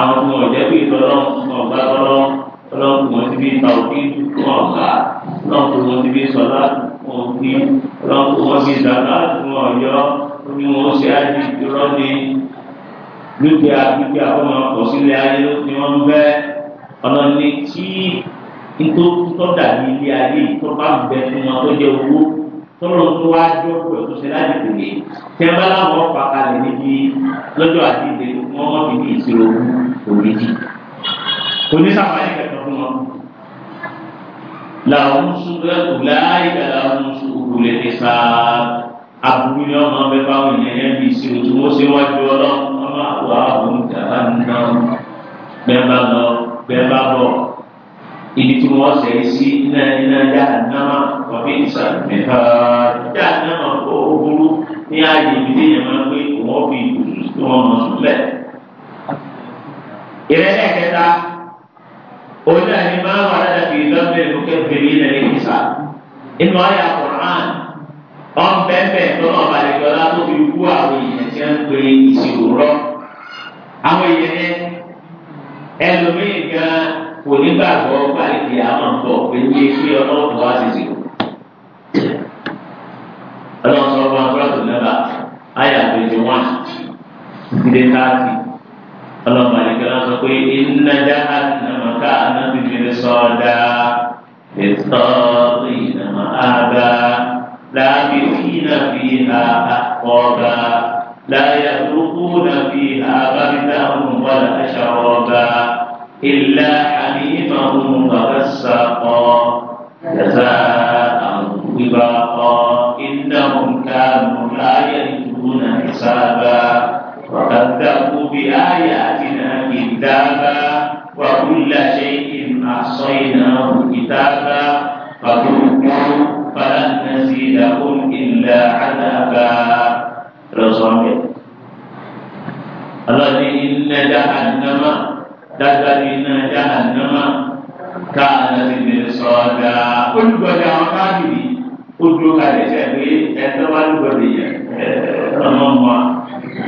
àwọn ọmọ ọjọ́ bíi tọ́lọ́ ọ̀gá tọ́lọ́ ọlọ́run kò wọ́n ti bí tàwọ́bí fún ọ̀gá ọlọ́run kò wọ́n ti bí sọlá fún òbí ọlọ́run kò wọ́n ti dàgbà fún ọ̀yọ́ ní wọ́n ṣe àjì irọ́ ni dúkìá dúkìá ọmọ nítorí tó dàbí ilé ayé tó bá ń bẹ fún wọn tó jẹ owó tọ́lọ̀ tó wá jọ pẹ̀ tó ṣe láti pèlè tẹ́ bá láwọn ọ̀pá kalẹ̀ níbi lọ́jọ́ àdìdè wọn wọ́n fi ní ìṣirò òmìnir onísàmàlì kẹtọ fún wọn làwọn sùgbẹ́ ọ̀láyé làwọn sùgbẹ́ lè fi sa aburú ni ọmọ bẹ fáwọn èèyàn yẹn bí ìṣirò tí wọ́n ṣe wájú ọlọ́run ọmọ àwọn àwọn ibi tí wọ́n sẹ́yìn sí iná iná dáadáa wàbí ìsàlùmẹ̀ dáadáa ó burú ní ààyè ibi tí èèyàn máa ń gbé wọ́n fi ìbùsùn sí wọn mọ̀ sílẹ̀. ìrẹ́lẹ̀ kẹta oní àyè máa wà lára fi lọ́mọ ìlú kẹfìrí ilẹ̀ ìsà inú ayé àkùrán wọn bẹ́ẹ̀ tọ́lọ̀ balẹ̀gbọ́lá tó fi kú àwọn èèyàn tí wọ́n ń pè ìṣirò rọ àwọn èèyàn kò ní gbàgbọ́ báyìí àmọ́ ń bọ̀ pé ní ebi ọlọ́run wá sí sí. ọlọ́run sọ wọn abúlọ́tò nẹ́bà ayà àgbèjì wọn ìdè káàkiri ọlọ́run àyíkẹ́ lọ sọ pé iná jáhà nàmọ́ ká anábì mi sọ ètò ìnàmọ́ àgbà láàbì fínà fi hà àkọ́gbà láyà tó kú fi hà bá mi dáhùn wọlé aṣọ ìlà. علما وفساقا جزاء وفاقا إنهم كانوا لا يجدون حسابا وكذبوا بآياتنا كتابا وكل شيء أحصيناه كتابا فذوقوا فلن نزيدهم إلا عذابا رسول الله إن جهنم dájúdájú iná jahannama káàdà ti lè sọ̀dà olùgbọ̀dẹ àwọn káàdìrì ojú kalẹ̀ ṣe pé ẹ̀tọ́ wà lùgbọ̀dẹ yẹn ọmọ ọmọ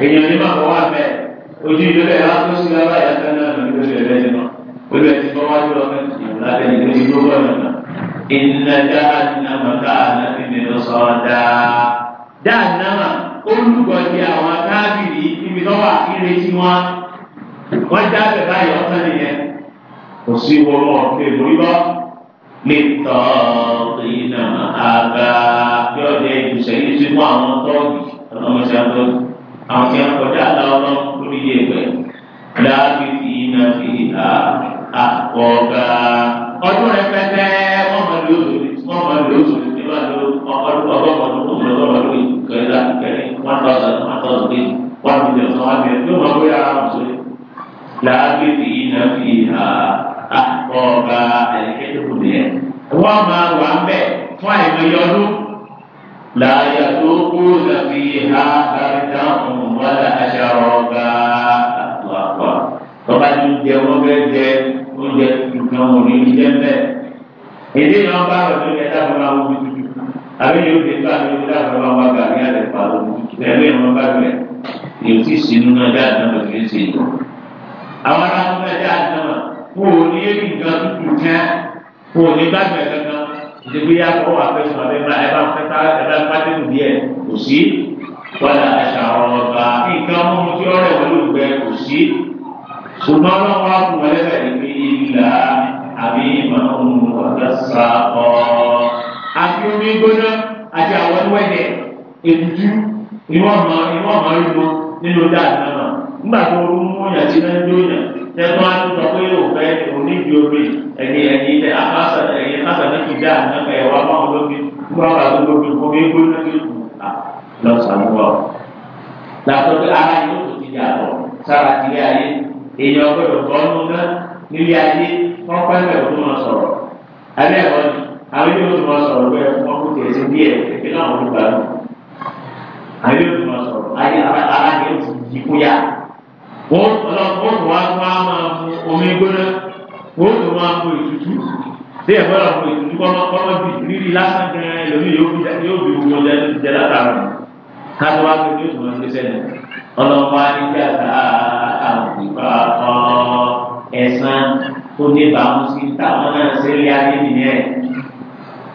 èèyàn ní màkọ́ wà bẹ́ẹ̀ ojú ìlú bẹ́ẹ̀ wá tó sí ọba ìyàtọ̀ náà lórí oṣù ẹ̀rẹ́ ti mọ̀ olú ẹ̀ ti fọ́ wájú ọmọ ìyàwó lábẹ́ ìlú gbogbo ọ̀nà náà iná jahannama káàdà ti lè sọ̀dà jahannama olùgbọ̀dẹ àwọn káàdìrì ibi tó wà ìrètí wọ́n já bẹ̀ báyìí ọ̀sán nìyẹn kò sí wọlọ́ ọ̀kẹ́ lórí lọ lè tọ́ ìnà àgbà yóò jẹ́ ìbùsẹ̀ yìí sí fún àwọn tọ́ọ̀gì ọlọ́mọṣẹ́ àtọ́jú àwọn kí wọ́n kọjá àlá ọlọ́ lórí iye ìwẹ̀ dábìtì ìnà fi àkọ́gà ọdún rẹpẹtẹ. mẹ́ta ẹ bá pẹ́ta ẹ bá pàdé nù díẹ̀ kò sí wàlà àṣà ọ̀rọ̀ ọ̀gá nǹkan mú tí ọ̀rọ̀ wọn ló gbẹ kò sí ṣùgbọ́n ọlọ́run wá fún wọn lẹ́sẹ̀ ní pé ìlà àbí ìmọ̀ràn ọ̀gá sa ọ̀ àfi omi gbóná àti àwọn wẹ́dẹ̀ ètùtù ìwọ̀n mọ̀ ìwọ̀n mọ̀ ìgbó nínú dáadáa náà nígbà tó ń mú yàn tí náà ń dó yàn tẹ́tọ́ á tún sọ pé yóò fẹ́ onídìí omi ẹ̀yìn ẹ̀yìn ẹ̀ gbọ́dọ̀ àdúgbò bí kò bí gbóná bí kù lọ sàmúwà. Làtọ́ pé ara yóò tó ti dà bọ̀ sára ti rí ayé. Èèyàn gbọ́dọ̀ bọ́ ọ́nú náà nílé ayé wọ́n pẹ́ bẹ̀rù tó máa sọ̀rọ̀. Abẹ́ ẹ̀kọ́ ni àwọn yóò tó máa sọ̀rọ̀ bẹ́ẹ̀ wọ́n kò tẹ̀ sí díẹ̀ pé náà wọ́n gbà lọ. Àwọn yóò tó máa sọ̀rọ̀ ayé ara yóò ti yí kúyà. Wọ́n tó wá bí ẹ̀ bọ́lá kò ní kọ́mọ́ kọ́mọ́ bì rírì lásán kan ẹlòmíì yóò bí gbogbo jẹ látara káàtó wá pé yóò tún wọn gbèsè ní ọlọ́pàá nígbà tá àwọn ìgbà kan ẹ̀sán tó ní bàmú sí táwọn náà ṣe lé ayé nìyẹn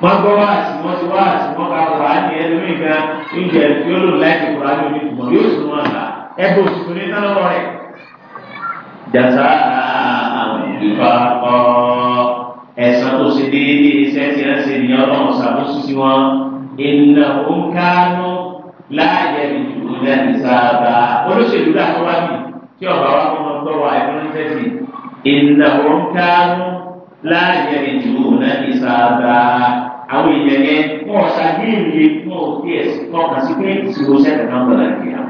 wọ́n gbọ́ wá sí wọ́n ti wá sí wọ́n ká kura ní ẹlòmíì gan oúnjẹ tí ó lò láìpẹ́ kura ní omi tùmọ̀ yóò sùn wọn là ẹgbẹ́ òṣùṣù ní náà lọ́rẹ̀ ẹ̀sán tó ṣe déédéé iṣẹ́ tí wọ́n ṣe ní ọlọ́run ṣàbóṣù sí wọn ìnà òǹkanu láàyè ìdìbò lẹ́nu sábà olóṣèlú làkọ́wájú tí ọ̀gá wa kọ́ ọ́n gbọ́wọ́ àìmọ́lẹ́sẹ̀ sí ìnà òǹkanu láàyè ìdìbò lẹ́nu sábà àwọn èèyàn yẹn wọn ò ṣàgbéyìnlé wọn ò fi ẹ̀sìn kan kà sí pé ìṣòro sẹ́ẹ̀tì kan bọ̀ láti yà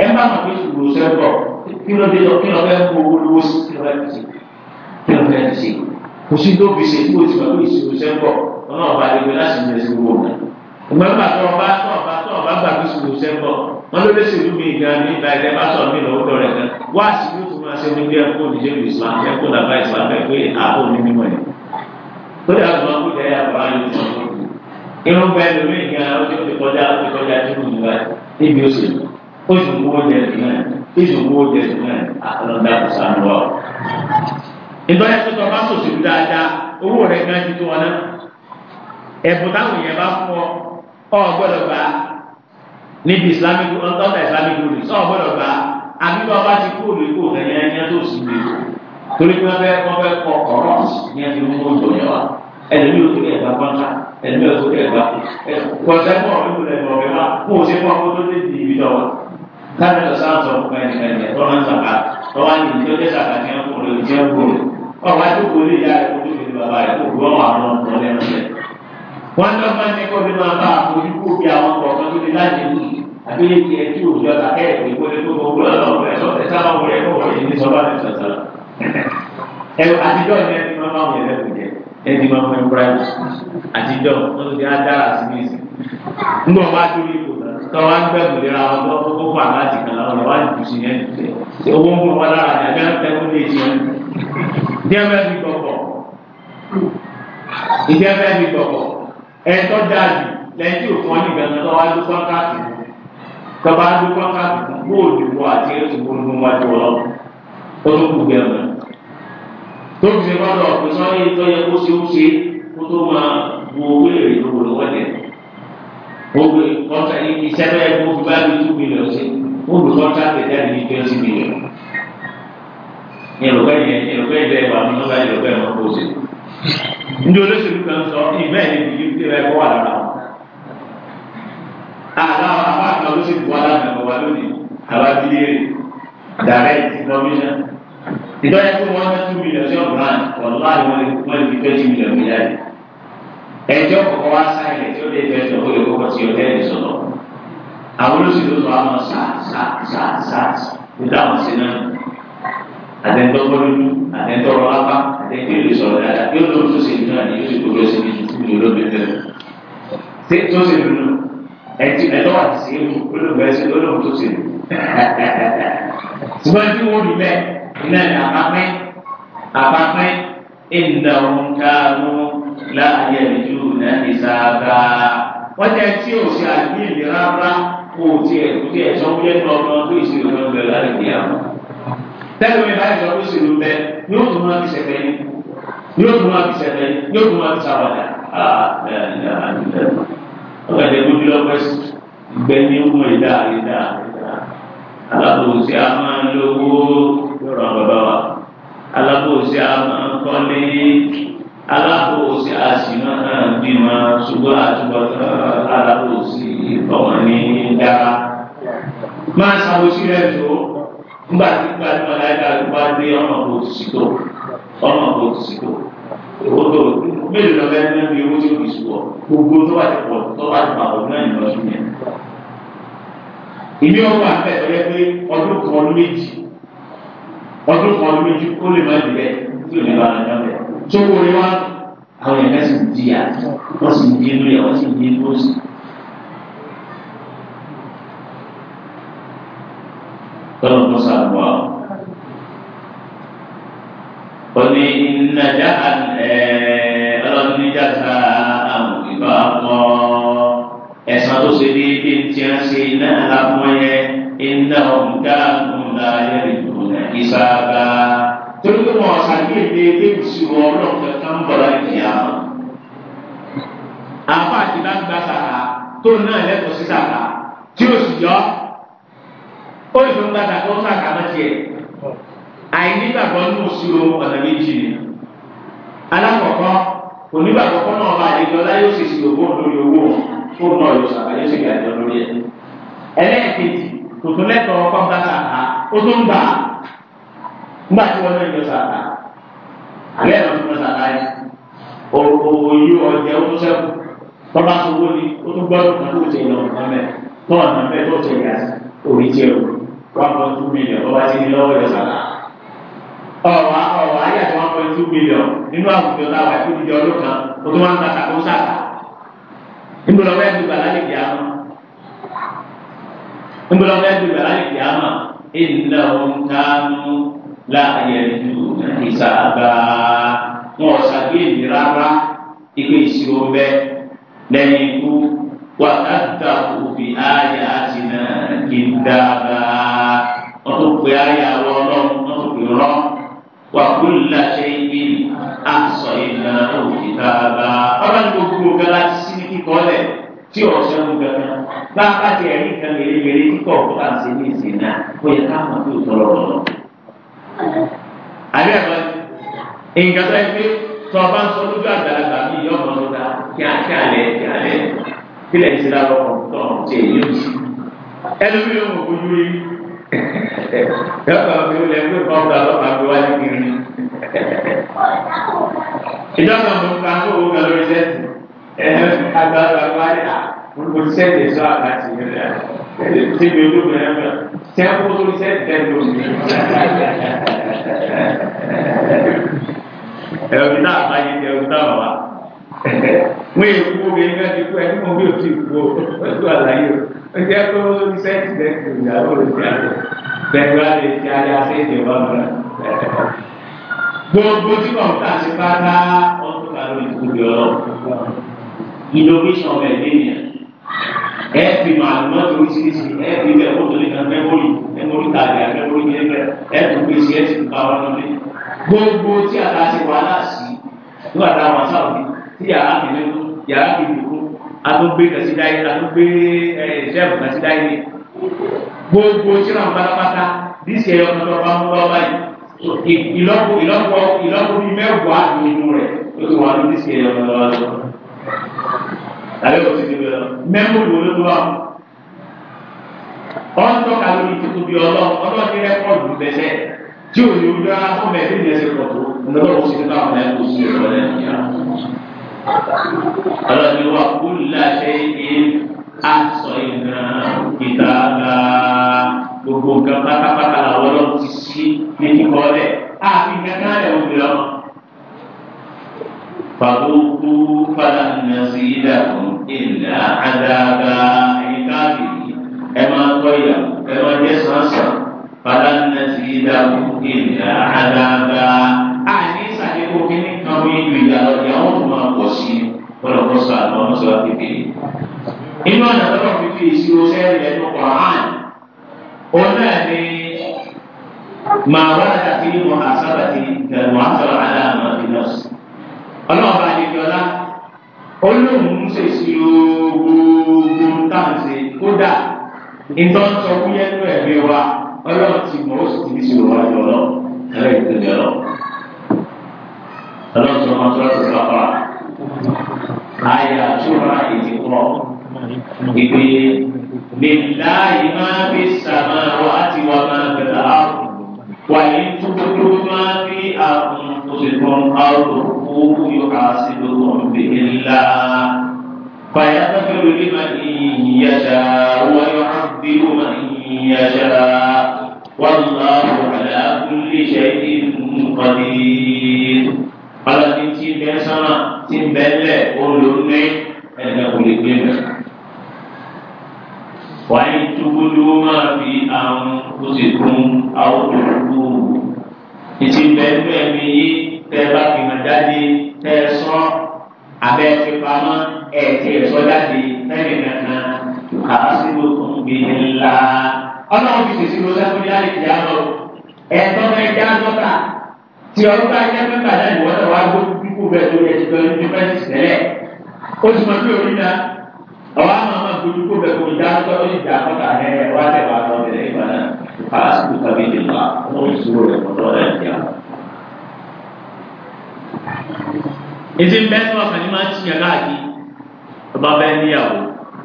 ẹ má mọ̀ pé ìṣòro sẹ́ẹ̀tì kí ló dé lọ kí ló fẹ́ kó owó lówó sí kí ló fẹ́ fi ṣe kí ló fẹ́ fi ṣe kò sí tó fi ṣe kí o ti mọ̀ pé ìṣirò ṣe ń bọ̀ ọ̀nà ọba àdébẹ̀ láti ní ẹsẹ̀ gbogbo ọ̀nà. ìgbà bá tọ̀ ọba tọ̀ ọba tọ̀ ọba gbà pé ìṣirò ṣe ń bọ̀ wọn ló lẹ́sẹ̀ ìlú mi gan ní ìgbà ìdẹ́ bá sọ̀ mí lọ́wọ́ rẹ̀ gan wá sí ní oṣù máa ṣe ní bí ẹkú òdìjẹ́ ìlú Islam ẹkú làbá Islam ẹ pé ààbò mi mímọ́ ẹ̀. lórí àwọn ọmọ ìjẹ́ yàgbọ́ ayé irun bẹ́ẹ̀ ló ní ìgbà ó ti kọjá ó ti kọjá tó wù wá níbi ó ìtọ́jú tó tọ́ bá sòṣèlú dáadáa owó rẹ̀ gan ti tó wọn náà ẹ̀bùn táwọn èèyàn bá fún ọ ọ gbọ́dọ̀ gbà níbi islamic ọ̀tọ̀ọ̀tọ̀ islamic rules ọ gbọ́dọ̀ gbà àbíkú ọba ti kú òlù ikú òkè yẹn yẹn tó sì lè torí pé wọ́n fẹ́ wọ́n fẹ́ kọ ọ̀rọ̀ yẹn fi mú oúnjẹ yẹn wá ẹlẹ́mi ò tóbi ẹ̀gbá kọ́ńtà ẹlẹ́mi ò tóbi ẹ̀gbá kọ́ńtàkùn ọ̀rọ̀ ìlú ẹ̀gbọ́n wa kó o ṣe fún ọkọ tó dé di ibi tọ̀ wa káàdì ọ̀sán àtọ̀ ọ̀pọ̀ ẹ̀ ọba àdúgbò lè yá ẹ̀kọ́ tó fi bàbá rẹ̀ kó gbọ́ àwọn ọ̀dọ́ lẹ́nu rẹ̀. wọ́n ní ọba ní kó fi máa bá àfojú kó bí àwọn kọ̀ọ̀kan tó fi láti mú àbílẹ̀ tiẹ̀ tí òjò ọ̀tà kẹ́ẹ̀kẹ́ ìkọ́lé tó gbọ́ wúlọ̀ lọ́wọ́ rẹ̀ sọ́tẹ̀ sáwọn wọlé kó wọlé ní sọ́ba ní sọ̀tàlá. àtijọ́ ìyẹn ti máa bá àwọn ẹ̀rẹ́ kò jẹ́ ẹni máa fún ẹ private àtijọ́ wọn ti adára sí ní ìsìn nígbà wọn bá dúró ipò tó wọn gbẹ gbòdera wọn tó kókó fún àláàtì kan láwọn lọ wọn jù sí yẹn owó ń bọ̀ wọn lára ní abẹ́ ń tẹ́kọ́ lé ìṣẹ́ ìjẹ́bẹ́ mi gbọ̀gbọ̀ ìjẹ́bẹ́ mi gbọ̀gbọ̀ ẹ̀tọ́ dáàbì lẹ́yìn tí òfin ọ̀nì gbẹ̀ngàn tó wá ló kọ́ńtàkì tó bá ló kọ́ńtàkì yóò dìbò àti ètò gbogbo wájú ọ ó tó kù gbẹ̀ngàn tó fi ṣe gbọ́dọ̀ pé sọ́ni tó yẹ kó ṣe ó ṣe kó tó máa bu owó èrè lówó lọ́wọ́ jẹ gbogbo kọ́ńtà iṣẹ́ bẹ́ẹ̀ kó fi bá mi tú ní ìrọ̀pẹ́ yẹn ní ìrọ̀pẹ́ yẹn bẹ́ẹ̀ wà ní ọ̀gá ìrọ̀pẹ́ yẹn kó o ṣe. Ndí olóṣèlú kan sọ ìmọ̀ ẹ̀ níbi yìí tẹ́lẹ̀ kọ́ wà lára. Àlá àbá àgbà ló sì bu aláàbẹ̀ wà lónìí, àbá bílé rẹ̀, direct commission. Ìjọ yẹn tó wọ́n ní two million sí ọ̀gá ọ̀lá ìwọ̀n wọ́n ti twenty million mi jáde. Ẹjọ́ kọ̀kọ́ wá sáyẹn tí ó lè fẹ́ sọ fún ìkókò tí ọ̀tẹ́ẹ̀lì sọ̀rọ̀. Àwọn olóṣèlú sọ àwọn sáà sáà sáà sáà ìdáhùn sí náà àtẹ̀tọ́ gbọ́dọ̀ àtẹ̀tọ́ ọlọ́pàá àtẹ̀tọ́ ìlú sọ̀rọ̀ dáadáa yóò lóun tó ṣe ìlú náà ni yóò sì gbogbo ẹsẹ̀ méjì fún ìlú olóògbé bẹ́ẹ̀. ṣé tó ṣe lù nù ẹtì ẹtọ́ wà sí Si olóògbé ẹsẹ̀ olóògbé tó ṣe lù. ṣùgbọ́n tí wọ́n rí bẹ́ẹ̀ iná ní àpapẹ́ àpapẹ́ ìnà òǹkàánú láàyè ìjú náà ìsàgà. wọ́n jẹ́ tí ò ṣe àgbé ìlera rárá kó o tiẹ̀ kó tiẹ̀ sọ tẹ́lẹ̀ mi báyìí lọ lóṣù ló bẹ yóò tún máa fi ṣẹ̀fẹ̀ yín yóò tún máa fi ṣẹ̀fẹ̀ yín yóò tún máa fi ṣàwàdà ọ̀gá ìjẹ́ gbójú lọ́pọ̀ ẹ̀sìn gbẹ̀yìn mú ìdá ìdá alábòsí a máa ń lówó yọ̀rọ̀ bàbá wa alábòsí a máa ń kọ́lé alábòsí a sì máa ń bímọ ṣùgbọ́n àtúbọ̀tán alábòsí ọmọ ní dára máa ṣàbòsí rẹ̀ tó nígbà tí nígbà tí wọn láyé kájú bá dé ọmọ kò sì tó ọmọ kò sì tó owó tó mélòó lọ bẹ ní ibi owó tí kò sì wọ gbogbo tó wà ti pọ̀ tó wà ti pàpọ̀ náà ní lọ́sùn yẹn. ìní ọgbà fẹ́ ọ̀rẹ́ pé ọdún kan ọdún méjì ọdún kan ọdún méjì ó lè má di bẹ́ẹ̀ tí ò ní bá lọ́jọ́ bẹ́ẹ̀ tó wọlé wá àwọn ẹ̀ka sì ń di à wọ́n sì ń di inú yà wọ́n sì ń di inú sí. Perpusatwa Kami inna ja'an eh, Alam ni jaza Amkibawa Esmatu sidikin Siasina alamwaya Innahum kanum ya yarithuna Isaka Terus itu mau sakit Dia siworo ke kambaran kiamat Apa kita basara Tuh nah lihat posisi Jus ya ó sì ń gbàgbà tó ń sàkàmọ́ tiẹ̀ àìnígbàgbọ́ ní òṣìlò ọ̀nà méjì ni alákọ̀ọ́kọ́ onígbàgbọ́ kọ́ náà bá àdéjọ láyé ó sì sì owó lórí owó fún náà yóò sàbáyé sì gbà ẹ̀jọ́ lórí ẹ̀ ẹlẹ́ẹ̀kejì kò tún lẹ́tọ̀ọ́ kọ́ bá sàkà ó tún gbà ńgbà tí wọ́n náà yọ sàkà alẹ́ ẹ̀rọ tó sàkà yẹn òwò yìí ọ̀jẹ̀ ó tún sẹ́kù tọ́ba tó wó ni ó tún gbọ́dọ̀ kan tó tẹ̀ lọ́wọ́ náà mẹ́ tọ́ọ̀nà mẹ́ tó tẹ̀ yà orí tiẹ̀ wò one point two million ọba ti ní lọ́wọ́ yọ sàrà ọ̀wá ọ̀wá ayé àti one point two million nínú àwùjọ táwa tó di ọdún kan o tó máa ń gbàtà kó sàrà nígbàlọ́ bẹ́ẹ̀ ti gbàlá lè kíá mọ́ nígbàlọ́ bẹ́ẹ̀ ti gbàlá lè kíá mọ́ ìnlẹ̀ ohun kánú láàyè ju ìsàgbà wọn ò ṣàgbéyèmí rárá ìpè ìṣirò bẹ́ẹ̀ lẹ́yìn ikú wàtá dàkú ayé àti náà. كذابا وتبقى يا ولد وتبقى وكل شيء أحصيناه كتابا ọlọ́run gbogbo nǹkan láti sí ní kíkọ́ lẹ̀ tí ò sẹ́nu gangan bá a bá ti ẹ̀rí nǹkan mèremère kíkọ́ kó bá ń ṣe ní ìsìn náà ó yẹ ká mọ̀ pé ó tọrọ lọ́nà. àbí ẹ̀rọ nǹkan tó yẹ tó o ń sọ lójú àgbàlagbà mi yọ ọ̀nà lọ́dà kí á kí á lẹ̀ kí á lẹ̀ kílẹ̀ ìṣẹ̀lẹ̀ àlọ́kọ̀ tó ọ̀hún ẹnu mi yóò mọ ojú rí yọ̀ọ̀kan mi ò lè fún ìfọwọ́ ta lọ́kàn tó wáyé kiri. ìjọba mo ń ka ń kówó kan lórí sẹ́ẹ̀tì agbára wáyé a mo ti sẹ́ẹ̀tì sọ àkáàtì mi rẹ̀ tí mi ojú mi rẹ̀ mọ̀ sẹ́ẹ̀kú lórí sẹ́ẹ̀tì tẹ́lẹ̀ lómi. ẹ̀rù náà máa yẹ ẹ̀rù náà wà. wọ́n èyí kú omi ẹgbẹ́ ti kú ẹni mọ̀ bí o ti kú o ọjọ́ àlàyé o ọjọ́ pé ó ń sẹ́ẹ̀tì lẹ́tì ìyàwó rẹ̀ ti àgbẹ̀ pẹ̀lú àlè ti àyè àṣẹ́jẹ̀ wà lọ́la. gbogbo tí wọn kà sí pátá ọdún kan ló ń kú bí ọlọ́ innovation ọmọ ẹ̀dẹ́ nìyẹn ẹ fi màlúmọ́ tó ń ṣe ṣe fi bẹ́ẹ̀ kó tó lè kan mẹ́mórì mẹ́mórì tàbí àmẹ́mórì yẹn bẹ́ẹ̀ tó gbé sí ẹ ti sí yàrá kìnnìkú yàrá kìnnìkú àtúgbé kàṣídáyé àtúgbé ṣẹ́ẹ̀fù kàṣídáyé gbogbo síra pátápátá díìsì ẹ̀yọ́ kan tó bá ń lọ báyìí ìlọ́kù ìlọ́kù ìlọ́kù bíi mẹ́wàá nínú rẹ̀ ó ti wà ní díìsì ẹ̀yọ́ kan lọ́wọ́ lọ. tàbí kò sí ti bẹ̀rẹ̀ mẹ́mú ìwé ló wà. wọ́n ń tọ́ka lórí tuntun bíi ọlọ́run ọlọ́run ní rẹ́kọ̀dù bẹ́sẹ̀ tí ò ní ojú ara fún mẹ́rin ní ẹsẹ̀ pọ̀ tó ń lọ́wọ́ sí ní ọlọ́ni wa kúlà ṣe é aṣọ ìran ìta ara gbogbo nǹkan pátápátá làwọn ọlọ́run ti sí ní kíkọ́ rẹ̀ àfi kankan rẹ̀ ò fi lọ́mọ. Fàdókú fàdà nàṣí ìdàkùn ìlà àdàgà ẹ̀yìn káàkiri ẹ máa tọ́ ìyàwó ẹ máa jẹ́ sàn sàn fàdà nàṣí ìdàkùn ìlà àdàgà àní sàdéko kíní kan bí ju ìyá lọ ni àwọn tó máa pọ̀ sí i kọ́lọ̀ kọ́ sọ àlọ́ ọmọ sọ àpèké. inú ọ̀nà tó lọ́ọ̀ fi fi ìṣirò sẹ́yìn lẹ́nu Quran òun náà ni màá wá àti mọ̀ àsábàtì ìgbàgbọ́ àtọ̀ aláàmọ̀ ìlọ́sì. ọlọ́ọ̀bá àdéjọ́lá olóhùn ń ṣèṣirò gbogbo táǹsì kódà ìtọ́sọ fúyẹ́ nínú ẹ̀mí wa ọlọ́run ti mọ̀ ó sì ti ní ìṣirò wájú ọlọ́run ọlọ́run sọ ma tọ́lá tó ti bàbá àyà túra ìdìbò ìgbé lèlá yìí máa fi sàmà wá àti wà máa bẹ̀rẹ̀ àrùn wà ní tuntun máa fi àrùn tó ti fọ́n àrùn owó yóò ká sí lóko ọ̀bẹ̀ ńlá. فيغفر لمن يشاء ويعذب من يشاء والله على كل شيء قدير Kalau tí biasa sọ́nà tí bẹ́ lẹ̀ olóńgbé ẹ̀dẹ̀ kò lè gbé mẹ́. wáyé túbúlú máa fi àwọn oṣìkún àwọn olùkú ìtì bẹ́ẹ̀lú ẹ̀mí yìí tẹ́ bá fi hàn jáde tẹ́ sọ́ abẹ́ fi pamọ́ ẹ̀ tí ẹ̀ sọ jáde lẹ́yìn kankan kà á sí lókun gbèdé ńlá. ọlọ́run ti sèṣin lọ sẹ́kọ̀ọ́ ní tí ọdún bá jẹ́ mẹ́mbà náà ìwọ́n náà wá gbó pípò bẹ́ẹ̀ lórí ẹ̀jẹ̀ pẹ̀lú yunifásitì tẹ́lẹ̀ ó sì máa ń gbé orí náà àwọn àmọ́ àmọ́ gbójú kó bẹ̀ kó dá lọ́dọ̀ ìjà àkọ́kà ẹ̀ wá tẹ̀wá lọ bẹ̀rẹ̀ ìgbà náà fásitì tàbí ìdìbò àwọn ìṣòro rẹ̀ kọ́tọ́ rẹ̀ ti àwọn. ètò ìbẹ́nu ọkàn ni máa ń tiyàn káàkiri ọba bẹ́ẹ̀ níyàwó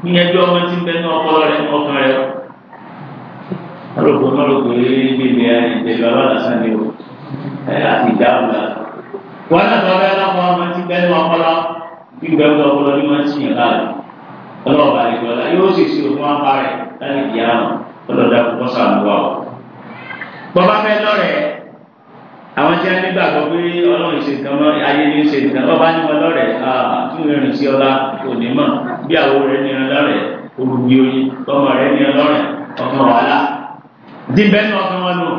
níyànjú ọmọ tí ń bẹ́nu ọpọlọ rẹ̀ ọkàn rẹ̀. é gbèlè àìjẹ̀lú alálàsán ni ẹ láti dáhùn náà wọn náà tọ́ bẹ́ẹ̀ lọ́wọ́ ọmọ ti bẹ́ẹ̀ ní ọpọlọ bí bẹ́ẹ̀ ní ọpọlọ ní wọ́n ti yàn láàyè ọlọ́wọ́ bá lè jọlá yóò sì ṣe òfin wọn bá rẹ̀ láti di àrùn ọlọ́dà kókó sàmúwà o. bọ́bá fẹ́ lọ́rẹ̀ẹ́ àwọn tí a ní gbàgbọ́ pé ọlọ́run ṣe nǹkan mọ́ ayé ní ṣe nǹkan bọ́bá ní wọn lọ́rẹ̀ẹ́ tún rìn sí ọlá onímọ̀ bí àwọn rẹ̀ ní ọ lọ́rẹ̀ẹ́ olùgbé oyin tọmọ rẹ̀ ní ọ lọ́rẹ̀ẹ́ ọ̀kan wàhálà dín bẹ́ẹ̀ ní ọ̀kan wọn lò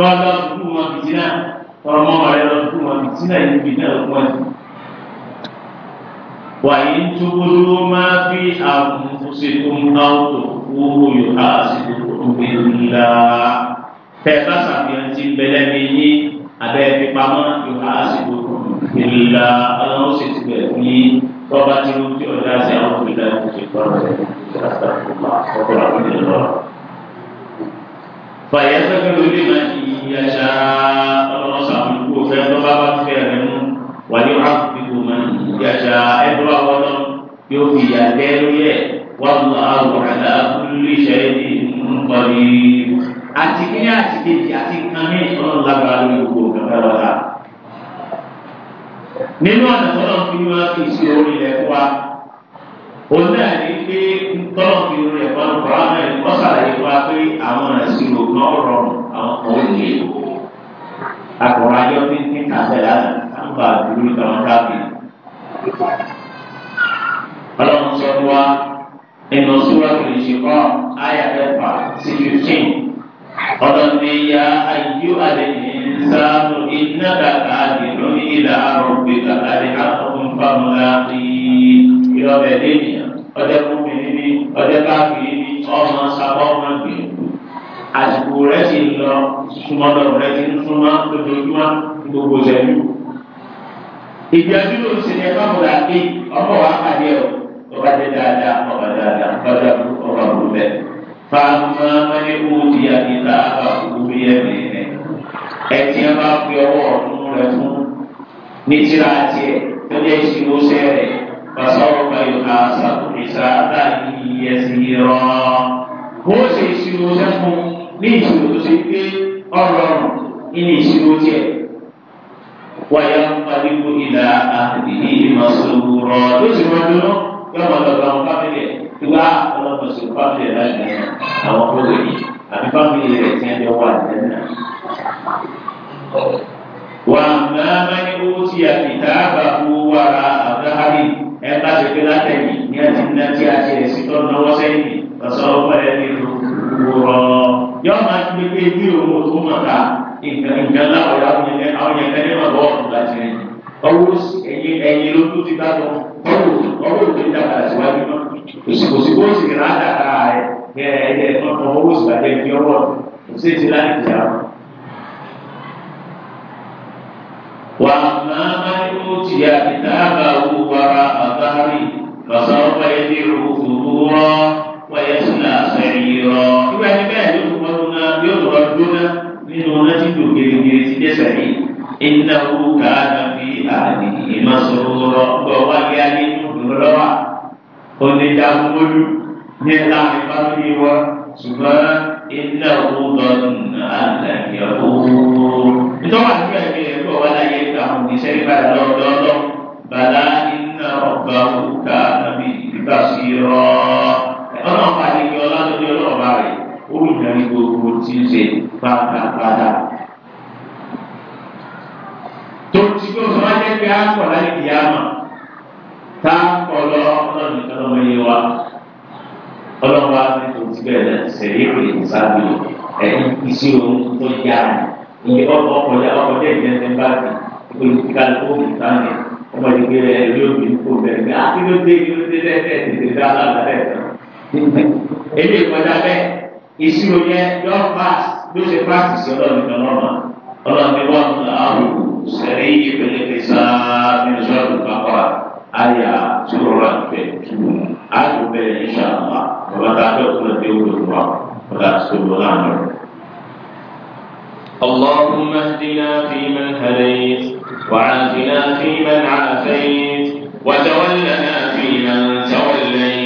lọ́dọ̀ kú wọn bìtì náà tọrọ mọ́ wọn lọ́dọ̀ kú wọn bìtì náà yìí bìtì náà kú wọn jù. wàyí ń tóbodó máa fi àbùnfòsíkún áwùtò owó yòókà àsìkò òmìnira tẹ bá sàfihàn ti bẹlẹ mi yín abẹ pípamọ́ yòókà àsìkò òmìnira ọlọ́run sì ti bẹ̀rẹ̀ fún yín tọ́ba tí ó ti ọ̀dà sí àwọn òmìnira ìṣèkọ́ rẹ̀ ṣe àtàkùn lọ́wọ́ fàyà sẹ́kẹ̀rù lè má ìyàṣà ọlọ́run sàmúlò kó fẹ́ lọ́ba bá fẹ́ rẹ̀ mú wà ní wàá fi kó má ìyàṣà ẹ̀dọ́ àwọn ọlọ́ yóò fi ìyà tẹ́ lórí ẹ̀ wà mú àwọn àdá kúlú ìṣẹ́ ìmúkọ̀rí. àti kíní àti kejì àti kàmí ọlọ́run lágbára lórí gbogbo kàkà lọ́la. nínú àtàkùn náà fi wá fi ìṣòro ilẹ̀ fún wa òun náà ní pé tọ́lọ̀ fi orí ẹ̀kọ́ ní kọ́ra náà ní kọ́ sàlàyé wa pé àwọn ọ̀nà sí ìlú náà rọrùn àwọn kan ó lè akọ̀rọ̀ ayọ́ ní ní kàfẹ́ lánàá àgbà àdúró ní kàwọn ọlọ́run sọ fún wa nínú sùúrà tó ṣe kọ́ àyà sí fifteen ọlọ́run ní ya ayú àlejò ìsáàmù iná kàkà àdìrò ìlà àrùn gbẹ̀gà àdìrò àkọ́kùn fáwọn láàrin ìrọ̀ bẹ̀ léèyàn ọjọ́ kúmìnrin ní ọjọ́ káfíìn ní ọmọ sábà ọmọ gbèrú àsìkò rẹ̀ sì ń lọ súnmọ́dọ̀ rẹ̀ ti ń súnmọ́ lójoojúmọ́ gbogbo sẹ́yìn. ìgbìyànjú ló ń sinmi ẹ̀fọ́ mọ̀lá pé ọmọ wa pàdé ọ̀ ọba dé dáadáa ọba dáadáa ọba ọba kú bẹ́ẹ̀. fáwọn amáyé kó di àgbẹ̀ta àbàkù bí ẹ̀mí rẹ̀ ẹ̀tí ẹ̀ fi ọwọ́ ọ̀tún kecil. Wayang tadi pun tidak ahli masuk buruk. Itu semua dulu kalau ada orang kafir dia kalau masuk kafir lagi sama pun ini. Tapi kami ini yang jawab dan. Wama mani usia kita wara ada hari Eta jekila temi Nia jinna cia cia sitor nawa seini Tasawa pada diru Uro Yama jekila temi ìgbàlá ọ̀rọ̀ àwọn yẹn àwọn yẹn kẹ́lẹ́ náà lọ́wọ́ tó láti rẹ̀ ọwọ́ ẹ̀yìn ẹ̀yìn ló tó ti bá lọ ọwọ́ ọwọ́ tó ti dàgbà síwájú náà òsìkòsì kó sì rà dàgbà rẹ̀ ẹ̀ẹ́dẹ̀ tọ́tọ̀ ọwọ́ sì bàjẹ́ fi ọwọ́ ṣé ti láti jà ọ́. wà má má ní ó ti yà kìtàbà owó wàrà àbárí lọ́sọ̀rọ̀ báyìí nínú lásìkò gẹ́gẹ́ ti dẹ́sẹ̀ yìí iná owó káàdà fi àdì ìmọ̀sọ̀rọ̀ gbọ́ wáyé ayé nínú lọ́wọ́ onídàgbọ́lù ní láàrin fámìlì wa ṣùgbọ́n iná owó lọ́nà àlàyé owó. ìtọ́wà ní ẹ̀mí rẹ̀ gbọ́ wá láyé gba àwọn oníṣẹ́ ìgbà lọ́dọọdọ́ bàlá iná ọgbà owó káàdà fi ìgbà sí rọ. ọlọ́ọ̀pá ni ó ń darí gbogbo tí ń ṣe pátápátá. tó ti kó sọ wá jẹ́ pé á pọ̀ láyé kìí àmà tá a kọ̀ lọ ọlọ́run nìkan lọ́mọ yé wa ọlọ́run wa ní tó ti bẹ̀rẹ̀ sẹ̀rí ìpè ìsáàbì ẹ̀ iṣẹ́ òun tó yá ni ìyẹn ọkọ̀ ọkọ̀já ọkọ̀já ìjẹsẹ̀ bá ti olùkálukú ìtàní ọmọ ìgbé rẹ yóò fi kó bẹ̀rẹ̀ bí akíndóde kíndóde lẹ́sẹ̀ tètè dá lára rẹ̀ tán. èmi ìkọjá bẹ́ẹ̀. ìṣirò yẹn yọ pass bí ó ṣe practice ọlọ́run ní ọlọ́run ọlọ́run ní wọ́n ń àrùn sẹ̀rí ìpele kẹsà mínísọ́ọ̀tù pápá àyà tí ó rà pẹ̀ tù àjò bẹ̀rẹ̀ ìṣà àmà bàbá tá a fẹ́ kúrò dé òwe wa bàbá tó lọ lánàá. اللهم اهدنا فيمن هديت وعافنا فيمن عافيت وتولنا فيمن توليت